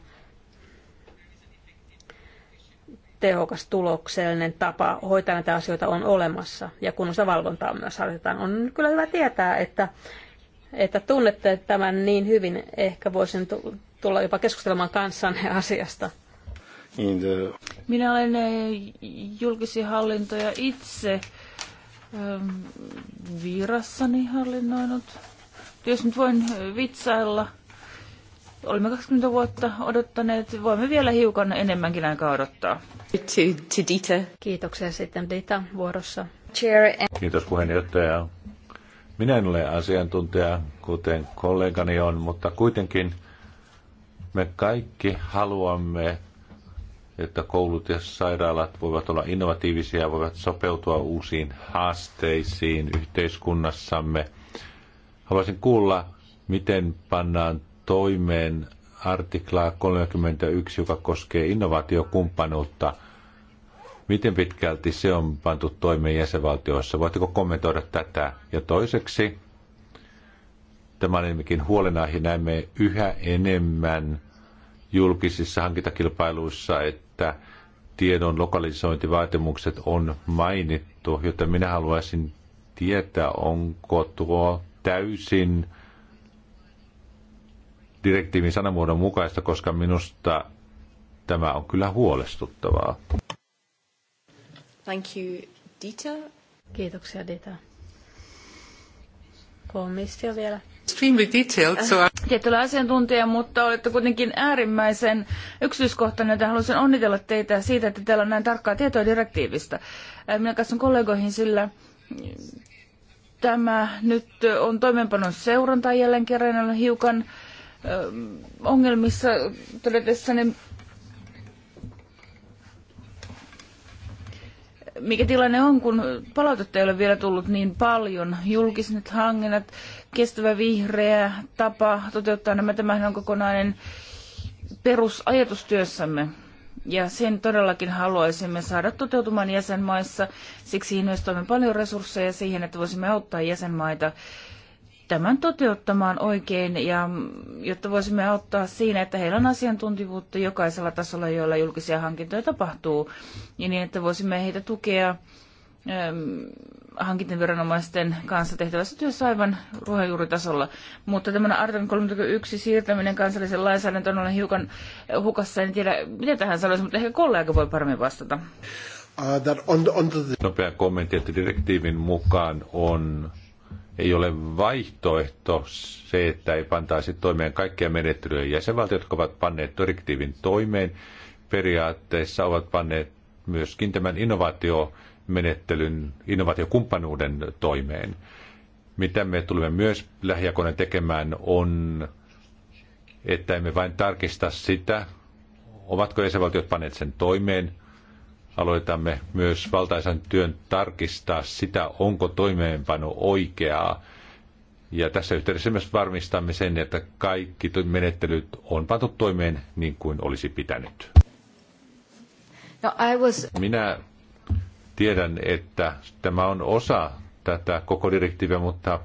tehokas tuloksellinen tapa hoitaa näitä asioita on olemassa ja kun kunnossa valvontaa myös harjoitetaan. On kyllä hyvä tietää, että, että tunnette tämän niin hyvin. Ehkä voisin tulla jopa keskustelemaan kanssanne asiasta. Minä olen eh, julkisia hallintoja itse ehm, virassani hallinnoinut. Jos nyt voin vitsailla – Olemme 20 vuotta odottaneet. Voimme vielä hiukan enemmänkin aikaa odottaa. To, to Dita. Kiitoksia sitten Dita vuorossa. Chair Kiitos puheenjohtaja. Minä en ole asiantuntija, kuten kollegani on, mutta kuitenkin me kaikki haluamme, että koulut ja sairaalat voivat olla innovatiivisia ja voivat sopeutua uusiin haasteisiin yhteiskunnassamme. Haluaisin kuulla, miten pannaan toimeen artiklaa 31, joka koskee innovaatiokumppanuutta. Miten pitkälti se on pantu toimeen jäsenvaltioissa? Voitteko kommentoida tätä? Ja toiseksi, tämä on enemmänkin huolenaihe, näemme yhä enemmän julkisissa hankintakilpailuissa, että tiedon lokalisointivaatimukset on mainittu, joten minä haluaisin tietää, onko tuo täysin direktiivin sanamuodon mukaista, koska minusta tämä on kyllä huolestuttavaa. Thank you, Dita. Kiitoksia, Dita. Komissio vielä. Extremely detailed, so Tietyllä asiantuntija, mutta olette kuitenkin äärimmäisen yksityiskohtainen, että haluaisin onnitella teitä siitä, että teillä on näin tarkkaa tietoa direktiivistä. Minä katson kollegoihin, sillä tämä nyt on toimeenpanon seuranta jälleen kerran hiukan ongelmissa ne, mikä tilanne on, kun palautetta ei ole vielä tullut niin paljon. Julkiset hankinnat, kestävä vihreä tapa toteuttaa nämä, tämähän on kokonainen perusajatustyössämme Ja sen todellakin haluaisimme saada toteutumaan jäsenmaissa. Siksi investoimme paljon resursseja siihen, että voisimme auttaa jäsenmaita tämän toteuttamaan oikein ja jotta voisimme auttaa siinä, että heillä on asiantuntivuutta jokaisella tasolla, joilla julkisia hankintoja tapahtuu, ja niin, että voisimme heitä tukea ähm, hankintaviranomaisten kanssa tehtävässä työssä aivan ruohonjuuritasolla. Mutta tämä Artan 31 siirtäminen kansallisen lainsäädäntöön on hiukan hukassa, en tiedä mitä tähän sanoisi, mutta ehkä kollega voi paremmin vastata. Uh, that on, on the... Nopea kommentti, että direktiivin mukaan on ei ole vaihtoehto se, että ei pantaisi toimeen kaikkia menettelyjä. Jäsenvaltiot, jotka ovat panneet direktiivin toimeen, periaatteessa ovat panneet myöskin tämän innovaatiomenettelyn, innovaatiokumppanuuden toimeen. Mitä me tulemme myös lähiakoneen tekemään on, että emme vain tarkista sitä, ovatko jäsenvaltiot panneet sen toimeen, aloitamme myös valtaisan työn tarkistaa sitä, onko toimeenpano oikeaa. Ja tässä yhteydessä myös varmistamme sen, että kaikki menettelyt on pantu toimeen niin kuin olisi pitänyt. No, I was... Minä tiedän, että tämä on osa tätä koko direktiiviä, mutta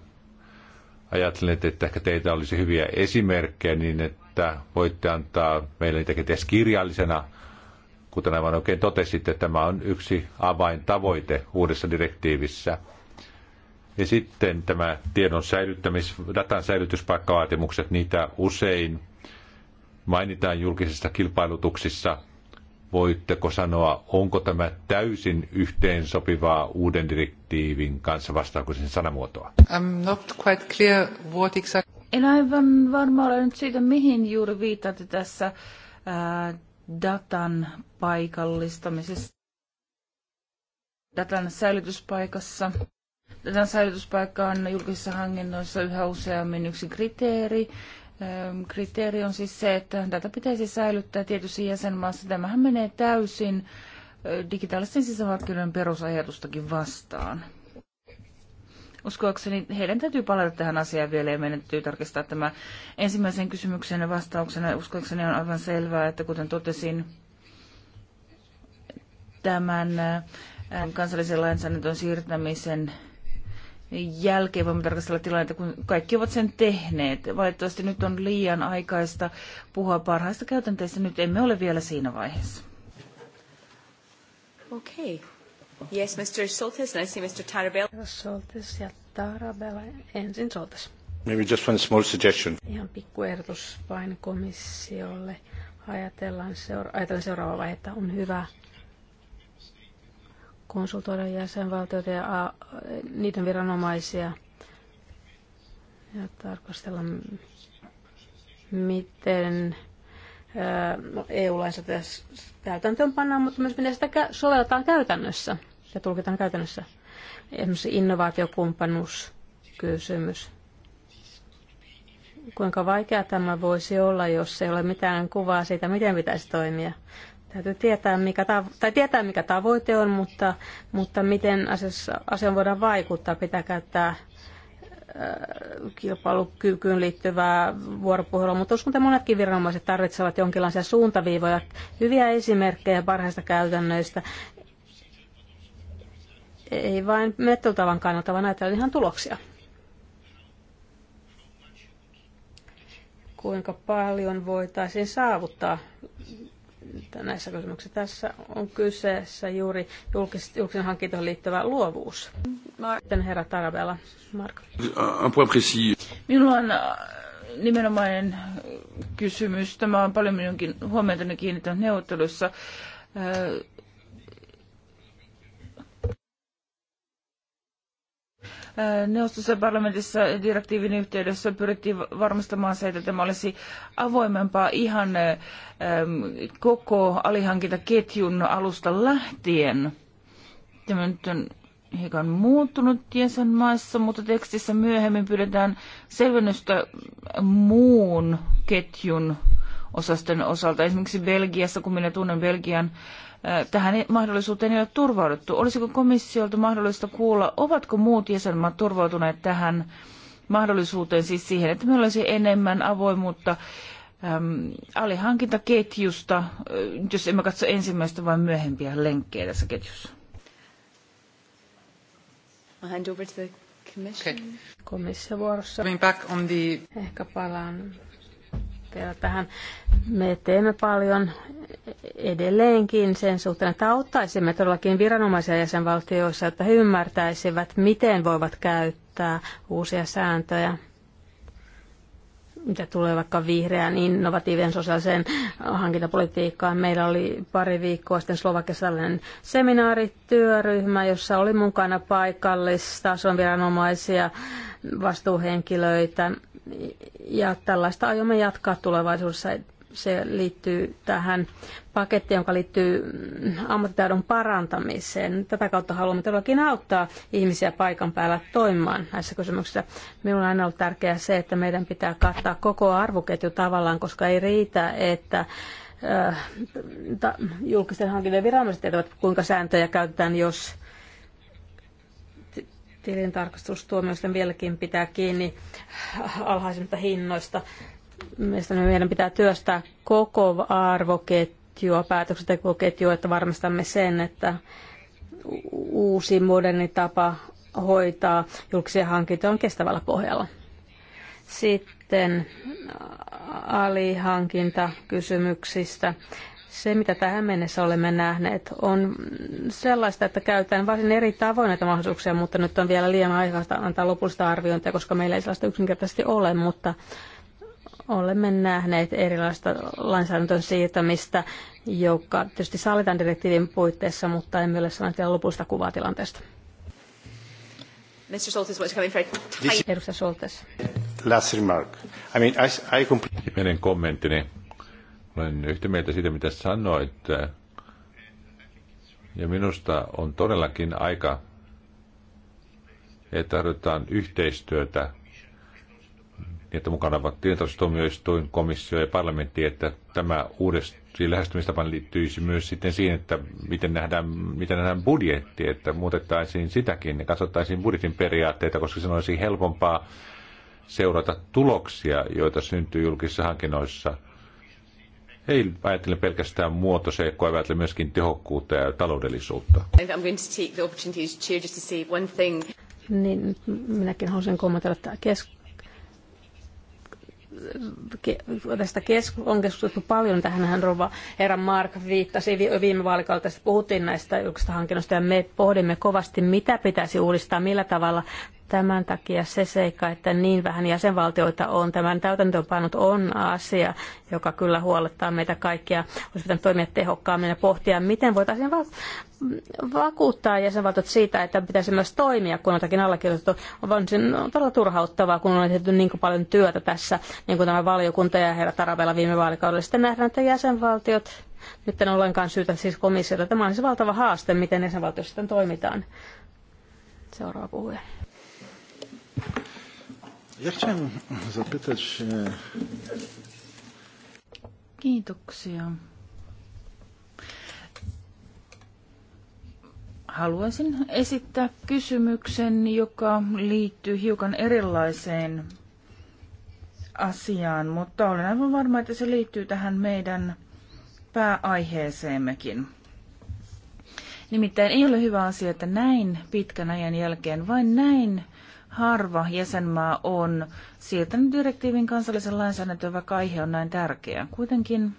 ajattelin, että ehkä teitä olisi hyviä esimerkkejä niin, että voitte antaa meille niitä kenties kirjallisena Kuten aivan oikein totesitte, tämä on yksi avaintavoite uudessa direktiivissä. Ja sitten tämä tiedon säilyttämis, datan säilytyspaikkavaatimukset, niitä usein mainitaan julkisissa kilpailutuksissa. Voitteko sanoa, onko tämä täysin sopivaa uuden direktiivin kanssa, vastaako sen sanamuotoa? I'm not quite clear what exactly... En aivan varma ole nyt siitä, mihin juuri viitatte tässä datan paikallistamisesta, datan säilytyspaikassa. Datan säilytyspaikka on julkisissa hankinnoissa yhä useammin yksi kriteeri. Kriteeri on siis se, että data pitäisi säilyttää tietyssä jäsenmaassa. Tämähän menee täysin digitaalisten sisämarkkinoiden perusajatustakin vastaan uskoakseni heidän täytyy palata tähän asiaan vielä ja meidän täytyy tarkistaa tämä ensimmäisen kysymyksen vastauksena. Uskoakseni on aivan selvää, että kuten totesin, tämän äh, kansallisen lainsäädännön siirtämisen jälkeen voimme tarkastella tilannetta, kun kaikki ovat sen tehneet. Valitettavasti nyt on liian aikaista puhua parhaista käytänteistä. Nyt emme ole vielä siinä vaiheessa. Okei. Okay. Yes, Mr. Soltis, and I see Mr. Tarabella. Soltis ja Tarabella. Ensin Soltis. Maybe just one small suggestion. Ihan pikku ehdotus vain komissiolle. Ajatellaan, seura- ajatellaan seuraavaa vaihetta. On hyvä konsultoida jäsenvaltioita ja niiden viranomaisia ja tarkastella, miten EU-lainsäädäntö täytäntöön pannaan, mutta myös miten sitä sovelletaan käytännössä ja tulkitaan käytännössä. Esimerkiksi innovaatiokumppanuuskysymys. Kuinka vaikea tämä voisi olla, jos ei ole mitään kuvaa siitä, miten pitäisi toimia? Täytyy tietää, mikä, tavo- tai tietää, mikä tavoite on, mutta, mutta miten asiassa, asiaan voidaan vaikuttaa. Pitää käyttää kilpailukykyyn liittyvää vuoropuhelua, mutta uskon, että monetkin viranomaiset tarvitsevat jonkinlaisia suuntaviivoja, hyviä esimerkkejä parhaista käytännöistä. Ei vain menettelytavan kannalta, vaan ajatellaan ihan tuloksia. Kuinka paljon voitaisiin saavuttaa näissä kysymyksissä. Tässä on kyseessä juuri julkis, julkisen hankintoon liittyvä luovuus. Sitten herra Tarabella, Marko. Minulla on äh, nimenomainen kysymys. Tämä on paljon minunkin huomiotani kiinnittänyt neuvotteluissa. Äh, neuvostossa ja parlamentissa direktiivin yhteydessä pyrittiin varmistamaan se, että tämä olisi avoimempaa ihan ähm, koko alihankintaketjun alusta lähtien. Tämä nyt on hiukan muuttunut jäsenmaissa, mutta tekstissä myöhemmin pyydetään selvennystä muun ketjun osasten osalta. Esimerkiksi Belgiassa, kun minä tunnen Belgian tähän mahdollisuuteen ei ole turvauduttu. Olisiko komissiolta mahdollista kuulla, ovatko muut jäsenmaat turvautuneet tähän mahdollisuuteen, siis siihen, että meillä olisi enemmän avoimuutta äm, alihankintaketjusta, jos emme katso ensimmäistä vaan myöhempiä lenkkejä tässä ketjussa? hand over to the commission. Okay. Komissio vuorossa. back on the... Ehkä palaan vielä tähän. Me teemme paljon edelleenkin sen suhteen, että auttaisimme todellakin viranomaisia jäsenvaltioissa, että he ymmärtäisivät, miten voivat käyttää uusia sääntöjä mitä tulee vaikka vihreään innovatiivisen sosiaaliseen hankintapolitiikkaan. Meillä oli pari viikkoa sitten Slovakiassa tällainen seminaarityöryhmä, jossa oli mukana paikallistason viranomaisia, vastuuhenkilöitä, ja tällaista aiomme jatkaa tulevaisuudessa. Se liittyy tähän pakettiin, joka liittyy mm, ammattitaidon parantamiseen. Tätä kautta haluamme todellakin auttaa ihmisiä paikan päällä toimimaan näissä kysymyksissä. Minulla on aina ollut tärkeää se, että meidän pitää kattaa koko arvoketju tavallaan, koska ei riitä, että äh, julkisten hankintojen viranomaiset tietävät, kuinka sääntöjä käytetään, jos tilintarkastustuomioisten vieläkin pitää kiinni alhaisemmista hinnoista. Mielestäni meidän pitää työstää koko arvoketjua, päätöksentekoketjua, että varmistamme sen, että uusi moderni tapa hoitaa julkisia hankintoja on kestävällä pohjalla. Sitten alihankintakysymyksistä. kysymyksistä se, mitä tähän mennessä olemme nähneet, on sellaista, että käytetään varsin eri tavoin näitä mahdollisuuksia, mutta nyt on vielä liian aikaista antaa lopullista arviointia, koska meillä ei sellaista yksinkertaisesti ole, mutta olemme nähneet erilaista lainsäädäntön siirtämistä, joka tietysti sallitaan direktiivin puitteissa, mutta emme ole saaneet vielä lopullista kuvaa tilanteesta. Mr. Soltis, is coming very Edustaja Soltis. Last remark. I mean, I, I completely... Viimeinen kommenttini olen yhtä mieltä siitä, mitä sanoit. Ja minusta on todellakin aika, että tarvitaan yhteistyötä, niin että mukana ovat tietotuomioistuin, komissio ja parlamentti, että tämä uudesti siis lähestymistapa liittyisi myös sitten siihen, että miten nähdään, miten nähdään budjetti, että muutettaisiin sitäkin ja katsottaisiin budjetin periaatteita, koska se olisi helpompaa seurata tuloksia, joita syntyy julkisissa hankinnoissa – ei ajattele pelkästään muotoseikkoa, ajattele myöskin tehokkuutta ja taloudellisuutta. Niin, minäkin haluaisin kommentoida tämä tästä kesku, on keskusteltu paljon. Tähänhän Rova herra Mark viittasi viime vaalikautta, puhuttiin näistä julkisista hankinnoista ja me pohdimme kovasti, mitä pitäisi uudistaa, millä tavalla Tämän takia se seikka, että niin vähän jäsenvaltioita on, tämän täytäntöönpanot on asia, joka kyllä huolettaa meitä kaikkia. Olisi pitänyt toimia tehokkaammin ja pohtia, miten voitaisiin va- vakuuttaa jäsenvaltiot siitä, että pitäisi myös toimia, kun jotakin allekirjoitettu. On se todella turhauttavaa, kun on tehty niin paljon työtä tässä, niin kuin tämä valiokunta ja herra Taravella viime vaalikaudella. Sitten nähdään, että jäsenvaltiot nyt en ollenkaan syytä siis komissiota. Tämä on se valtava haaste, miten jäsenvaltiossa sitten toimitaan. Seuraava puhuja. Ja chciałem zapytać... Kiitoksia. Haluaisin esittää kysymyksen, joka liittyy hiukan erilaiseen asiaan, mutta olen aivan varma, että se liittyy tähän meidän pääaiheeseemmekin. Nimittäin ei ole hyvä asia, että näin pitkän ajan jälkeen vain näin harva jäsenmaa on siirtänyt direktiivin kansallisen lainsäädäntöön, vaikka aihe on näin tärkeä. Kuitenkin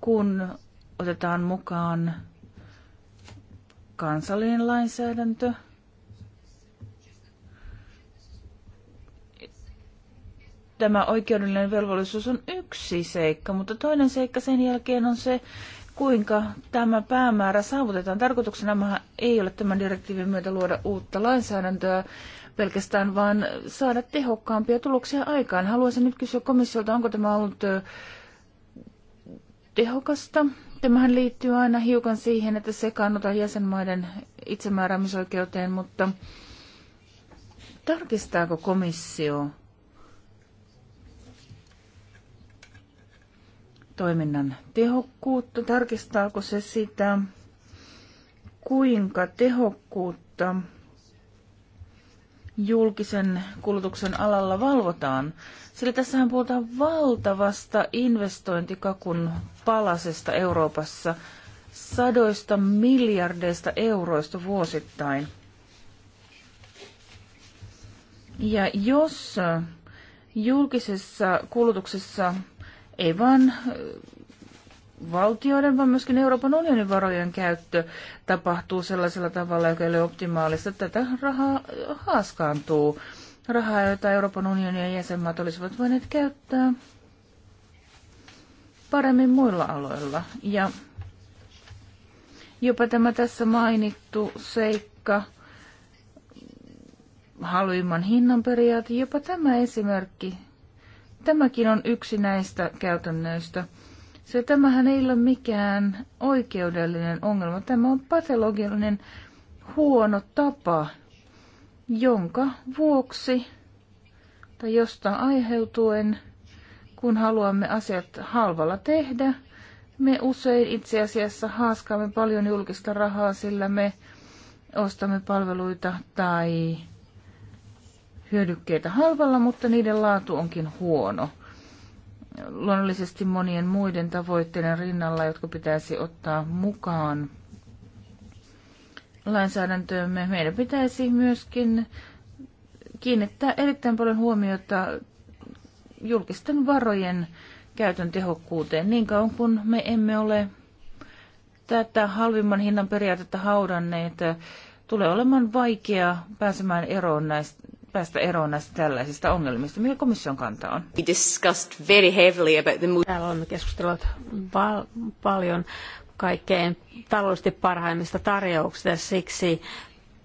kun otetaan mukaan kansallinen lainsäädäntö, tämä oikeudellinen velvollisuus on yksi seikka, mutta toinen seikka sen jälkeen on se, kuinka tämä päämäärä saavutetaan. Tarkoituksena ei ole tämän direktiivin myötä luoda uutta lainsäädäntöä pelkästään, vaan saada tehokkaampia tuloksia aikaan. Haluaisin nyt kysyä komissiolta, onko tämä ollut tehokasta. Tämähän liittyy aina hiukan siihen, että sekaannutaan jäsenmaiden itsemääräämisoikeuteen, mutta tarkistaako komissio toiminnan tehokkuutta, tarkistaako se sitä, kuinka tehokkuutta julkisen kulutuksen alalla valvotaan. Sillä tässähän puhutaan valtavasta investointikakun palasesta Euroopassa, sadoista miljardeista euroista vuosittain. Ja jos julkisessa kulutuksessa ei vain äh, valtioiden, vaan myöskin Euroopan unionin varojen käyttö tapahtuu sellaisella tavalla, joka ei ole optimaalista. Tätä rahaa äh, haaskaantuu. Rahaa, jota Euroopan unionin ja jäsenmaat olisivat voineet käyttää paremmin muilla aloilla. Ja jopa tämä tässä mainittu seikka, äh, halvimman hinnan periaate, jopa tämä esimerkki Tämäkin on yksi näistä käytännöistä. Se tämähän ei ole mikään oikeudellinen ongelma. Tämä on patologinen huono tapa, jonka vuoksi tai jostain aiheutuen, kun haluamme asiat halvalla tehdä, me usein itse asiassa haaskaamme paljon julkista rahaa, sillä me ostamme palveluita tai hyödykkeitä halvalla, mutta niiden laatu onkin huono. Luonnollisesti monien muiden tavoitteiden rinnalla, jotka pitäisi ottaa mukaan lainsäädäntöömme, meidän pitäisi myöskin kiinnittää erittäin paljon huomiota julkisten varojen käytön tehokkuuteen niin kauan kun me emme ole tätä halvimman hinnan periaatetta haudanneet, tulee olemaan vaikea pääsemään eroon näistä päästä eroon näistä tällaisista ongelmista. Mikä komission kanta on? We discussed very heavily about the... Täällä olemme keskustelleet val- paljon kaikkein taloudellisesti parhaimmista tarjouksista ja siksi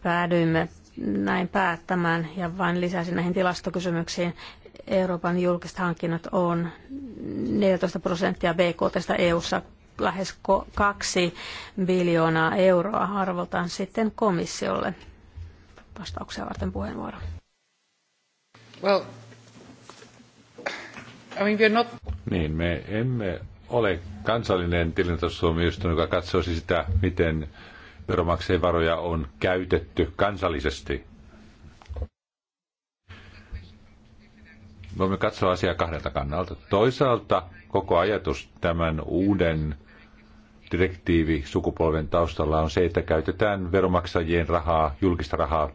päädyimme näin päättämään ja vain lisäsin näihin tilastokysymyksiin. Euroopan julkiset hankinnat on 14 prosenttia BKT EU-ssa lähes kaksi biljoonaa euroa arvoltaan sitten komissiolle. Vastauksia varten puheenvuoro. Well, I mean, we're not... Niin, me emme ole kansallinen tilintasuomioistuin, joka katsoisi sitä, miten veronmaksajien varoja on käytetty kansallisesti. Voimme katsoa asiaa kahdelta kannalta. Toisaalta koko ajatus tämän uuden direktiivi sukupolven taustalla on se, että käytetään veromaksajien rahaa, julkista rahaa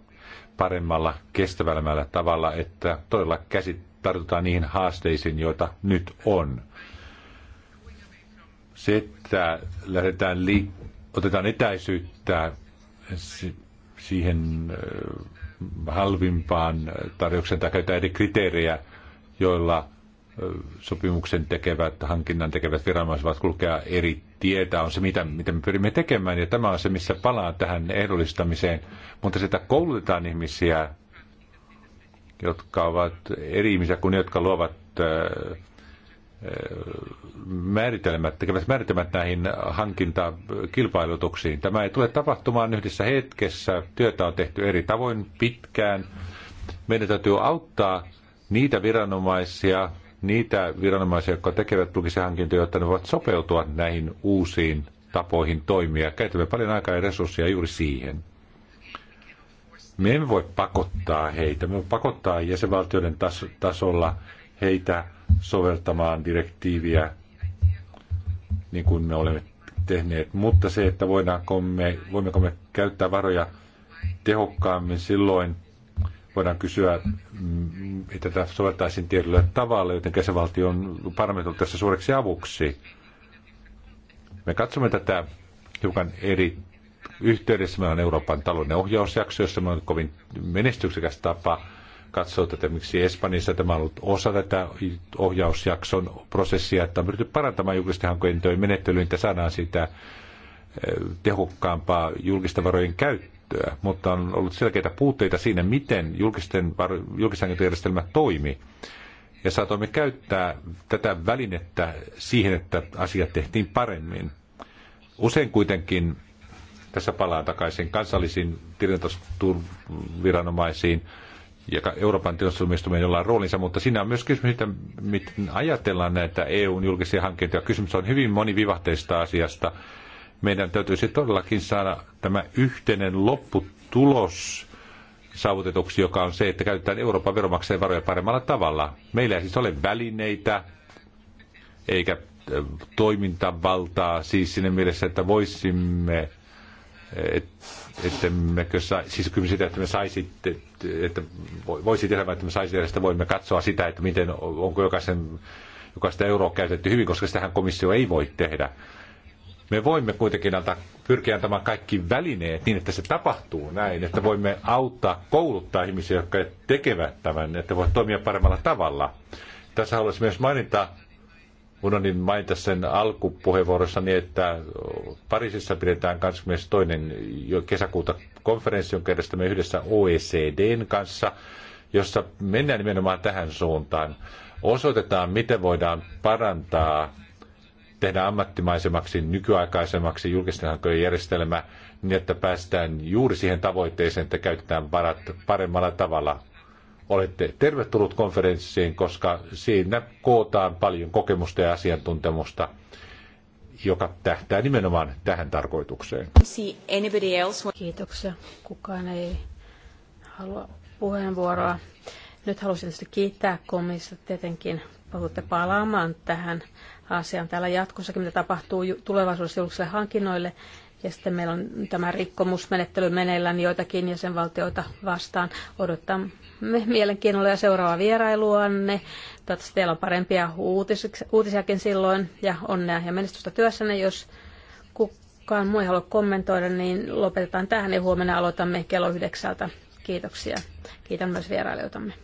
paremmalla, kestävämmällä tavalla, että todella käsit tartutaan niihin haasteisiin, joita nyt on. Se, että lähdetään li otetaan etäisyyttä siihen halvimpaan tarjoukseen tai käytetään eri kriteerejä, joilla sopimuksen tekevät, hankinnan tekevät viranomaiset voivat kulkea eri tietä on se, mitä, mitä me pyrimme tekemään, ja tämä on se, missä palaa tähän ehdollistamiseen. Mutta sitä koulutetaan ihmisiä, jotka ovat eri ihmisiä kuin ne, jotka luovat määritelmät, tekevät määritelmät näihin hankintakilpailutuksiin. Tämä ei tule tapahtumaan yhdessä hetkessä. Työtä on tehty eri tavoin pitkään. Meidän täytyy auttaa niitä viranomaisia, niitä viranomaisia, jotka tekevät julkisia hankintoja, jotta ne voivat sopeutua näihin uusiin tapoihin toimia. Käytämme paljon aikaa ja resursseja juuri siihen. Me emme voi pakottaa heitä. Me voi pakottaa jäsenvaltioiden tas- tasolla heitä soveltamaan direktiiviä niin kuin me olemme tehneet. Mutta se, että voidaanko me, voimmeko me käyttää varoja tehokkaammin silloin, voidaan kysyä, mm, että tätä soveltaisiin tietyllä tavalla, joten kesävaltio on parlamentilta tässä suureksi avuksi. Me katsomme tätä hiukan eri yhteydessä. Meillä on Euroopan talouden ohjausjakso, jossa on kovin menestyksekäs tapa katsoa tätä, miksi Espanjassa tämä on ollut osa tätä ohjausjakson prosessia, että on pyritty parantamaan julkisten hankojen menettelyyn, että saadaan sitä eh, tehokkaampaa julkisten varojen käyttöä käyttöä, mutta on ollut selkeitä puutteita siinä, miten julkisten, julkisen järjestelmä toimi. Ja saatoimme käyttää tätä välinettä siihen, että asiat tehtiin paremmin. Usein kuitenkin tässä palaan takaisin kansallisiin tilintasviranomaisiin ja Euroopan tilastumistuminen jollain roolinsa, mutta siinä on myös kysymys että miten ajatellaan näitä EUn julkisia hankkeita. Kysymys on hyvin monivivahteista asiasta meidän täytyisi todellakin saada tämä yhteinen lopputulos saavutetuksi, joka on se, että käytetään Euroopan veronmaksajien varoja paremmalla tavalla. Meillä ei siis ole välineitä eikä toimintavaltaa siis sinne mielessä, että voisimme että mekö siis kyllä sitä, että me saisitte, että voisi tehdä, että me saisi että voimme katsoa sitä, että miten, onko jokaisen, jokaista euroa käytetty hyvin, koska sitähän komissio ei voi tehdä. Me voimme kuitenkin antaa, pyrkiä antamaan kaikki välineet niin, että se tapahtuu näin, että voimme auttaa, kouluttaa ihmisiä, jotka tekevät tämän, että voivat toimia paremmalla tavalla. Tässä haluaisin myös mainita, unohdin mainita sen alkupuheenvuorossani, että Pariisissa pidetään 22. kesäkuuta konferenssi, jonka me yhdessä OECDn kanssa, jossa mennään nimenomaan tähän suuntaan. Osoitetaan, miten voidaan parantaa tehdä ammattimaisemmaksi, nykyaikaisemmaksi julkisten hankojen järjestelmä, niin että päästään juuri siihen tavoitteeseen, että käytetään varat paremmalla tavalla. Olette tervetullut konferenssiin, koska siinä kootaan paljon kokemusta ja asiantuntemusta, joka tähtää nimenomaan tähän tarkoitukseen. Kiitoksia. Kukaan ei halua puheenvuoroa. Nyt haluaisin kiittää komissa tietenkin. Paluutte palaamaan tähän asian täällä jatkossakin, mitä tapahtuu tulevaisuudessa julkisille hankinnoille. Ja sitten meillä on tämä rikkomusmenettely meneillään joitakin jäsenvaltioita vastaan. Odotamme mielenkiinnolla ja seuraavaa vierailuanne. Toivottavasti teillä on parempia uutisiakin silloin ja onnea ja menestystä työssänne. Jos kukaan muu ei halua kommentoida, niin lopetetaan tähän ja huomenna aloitamme kello yhdeksältä. Kiitoksia. Kiitän myös vierailijoitamme.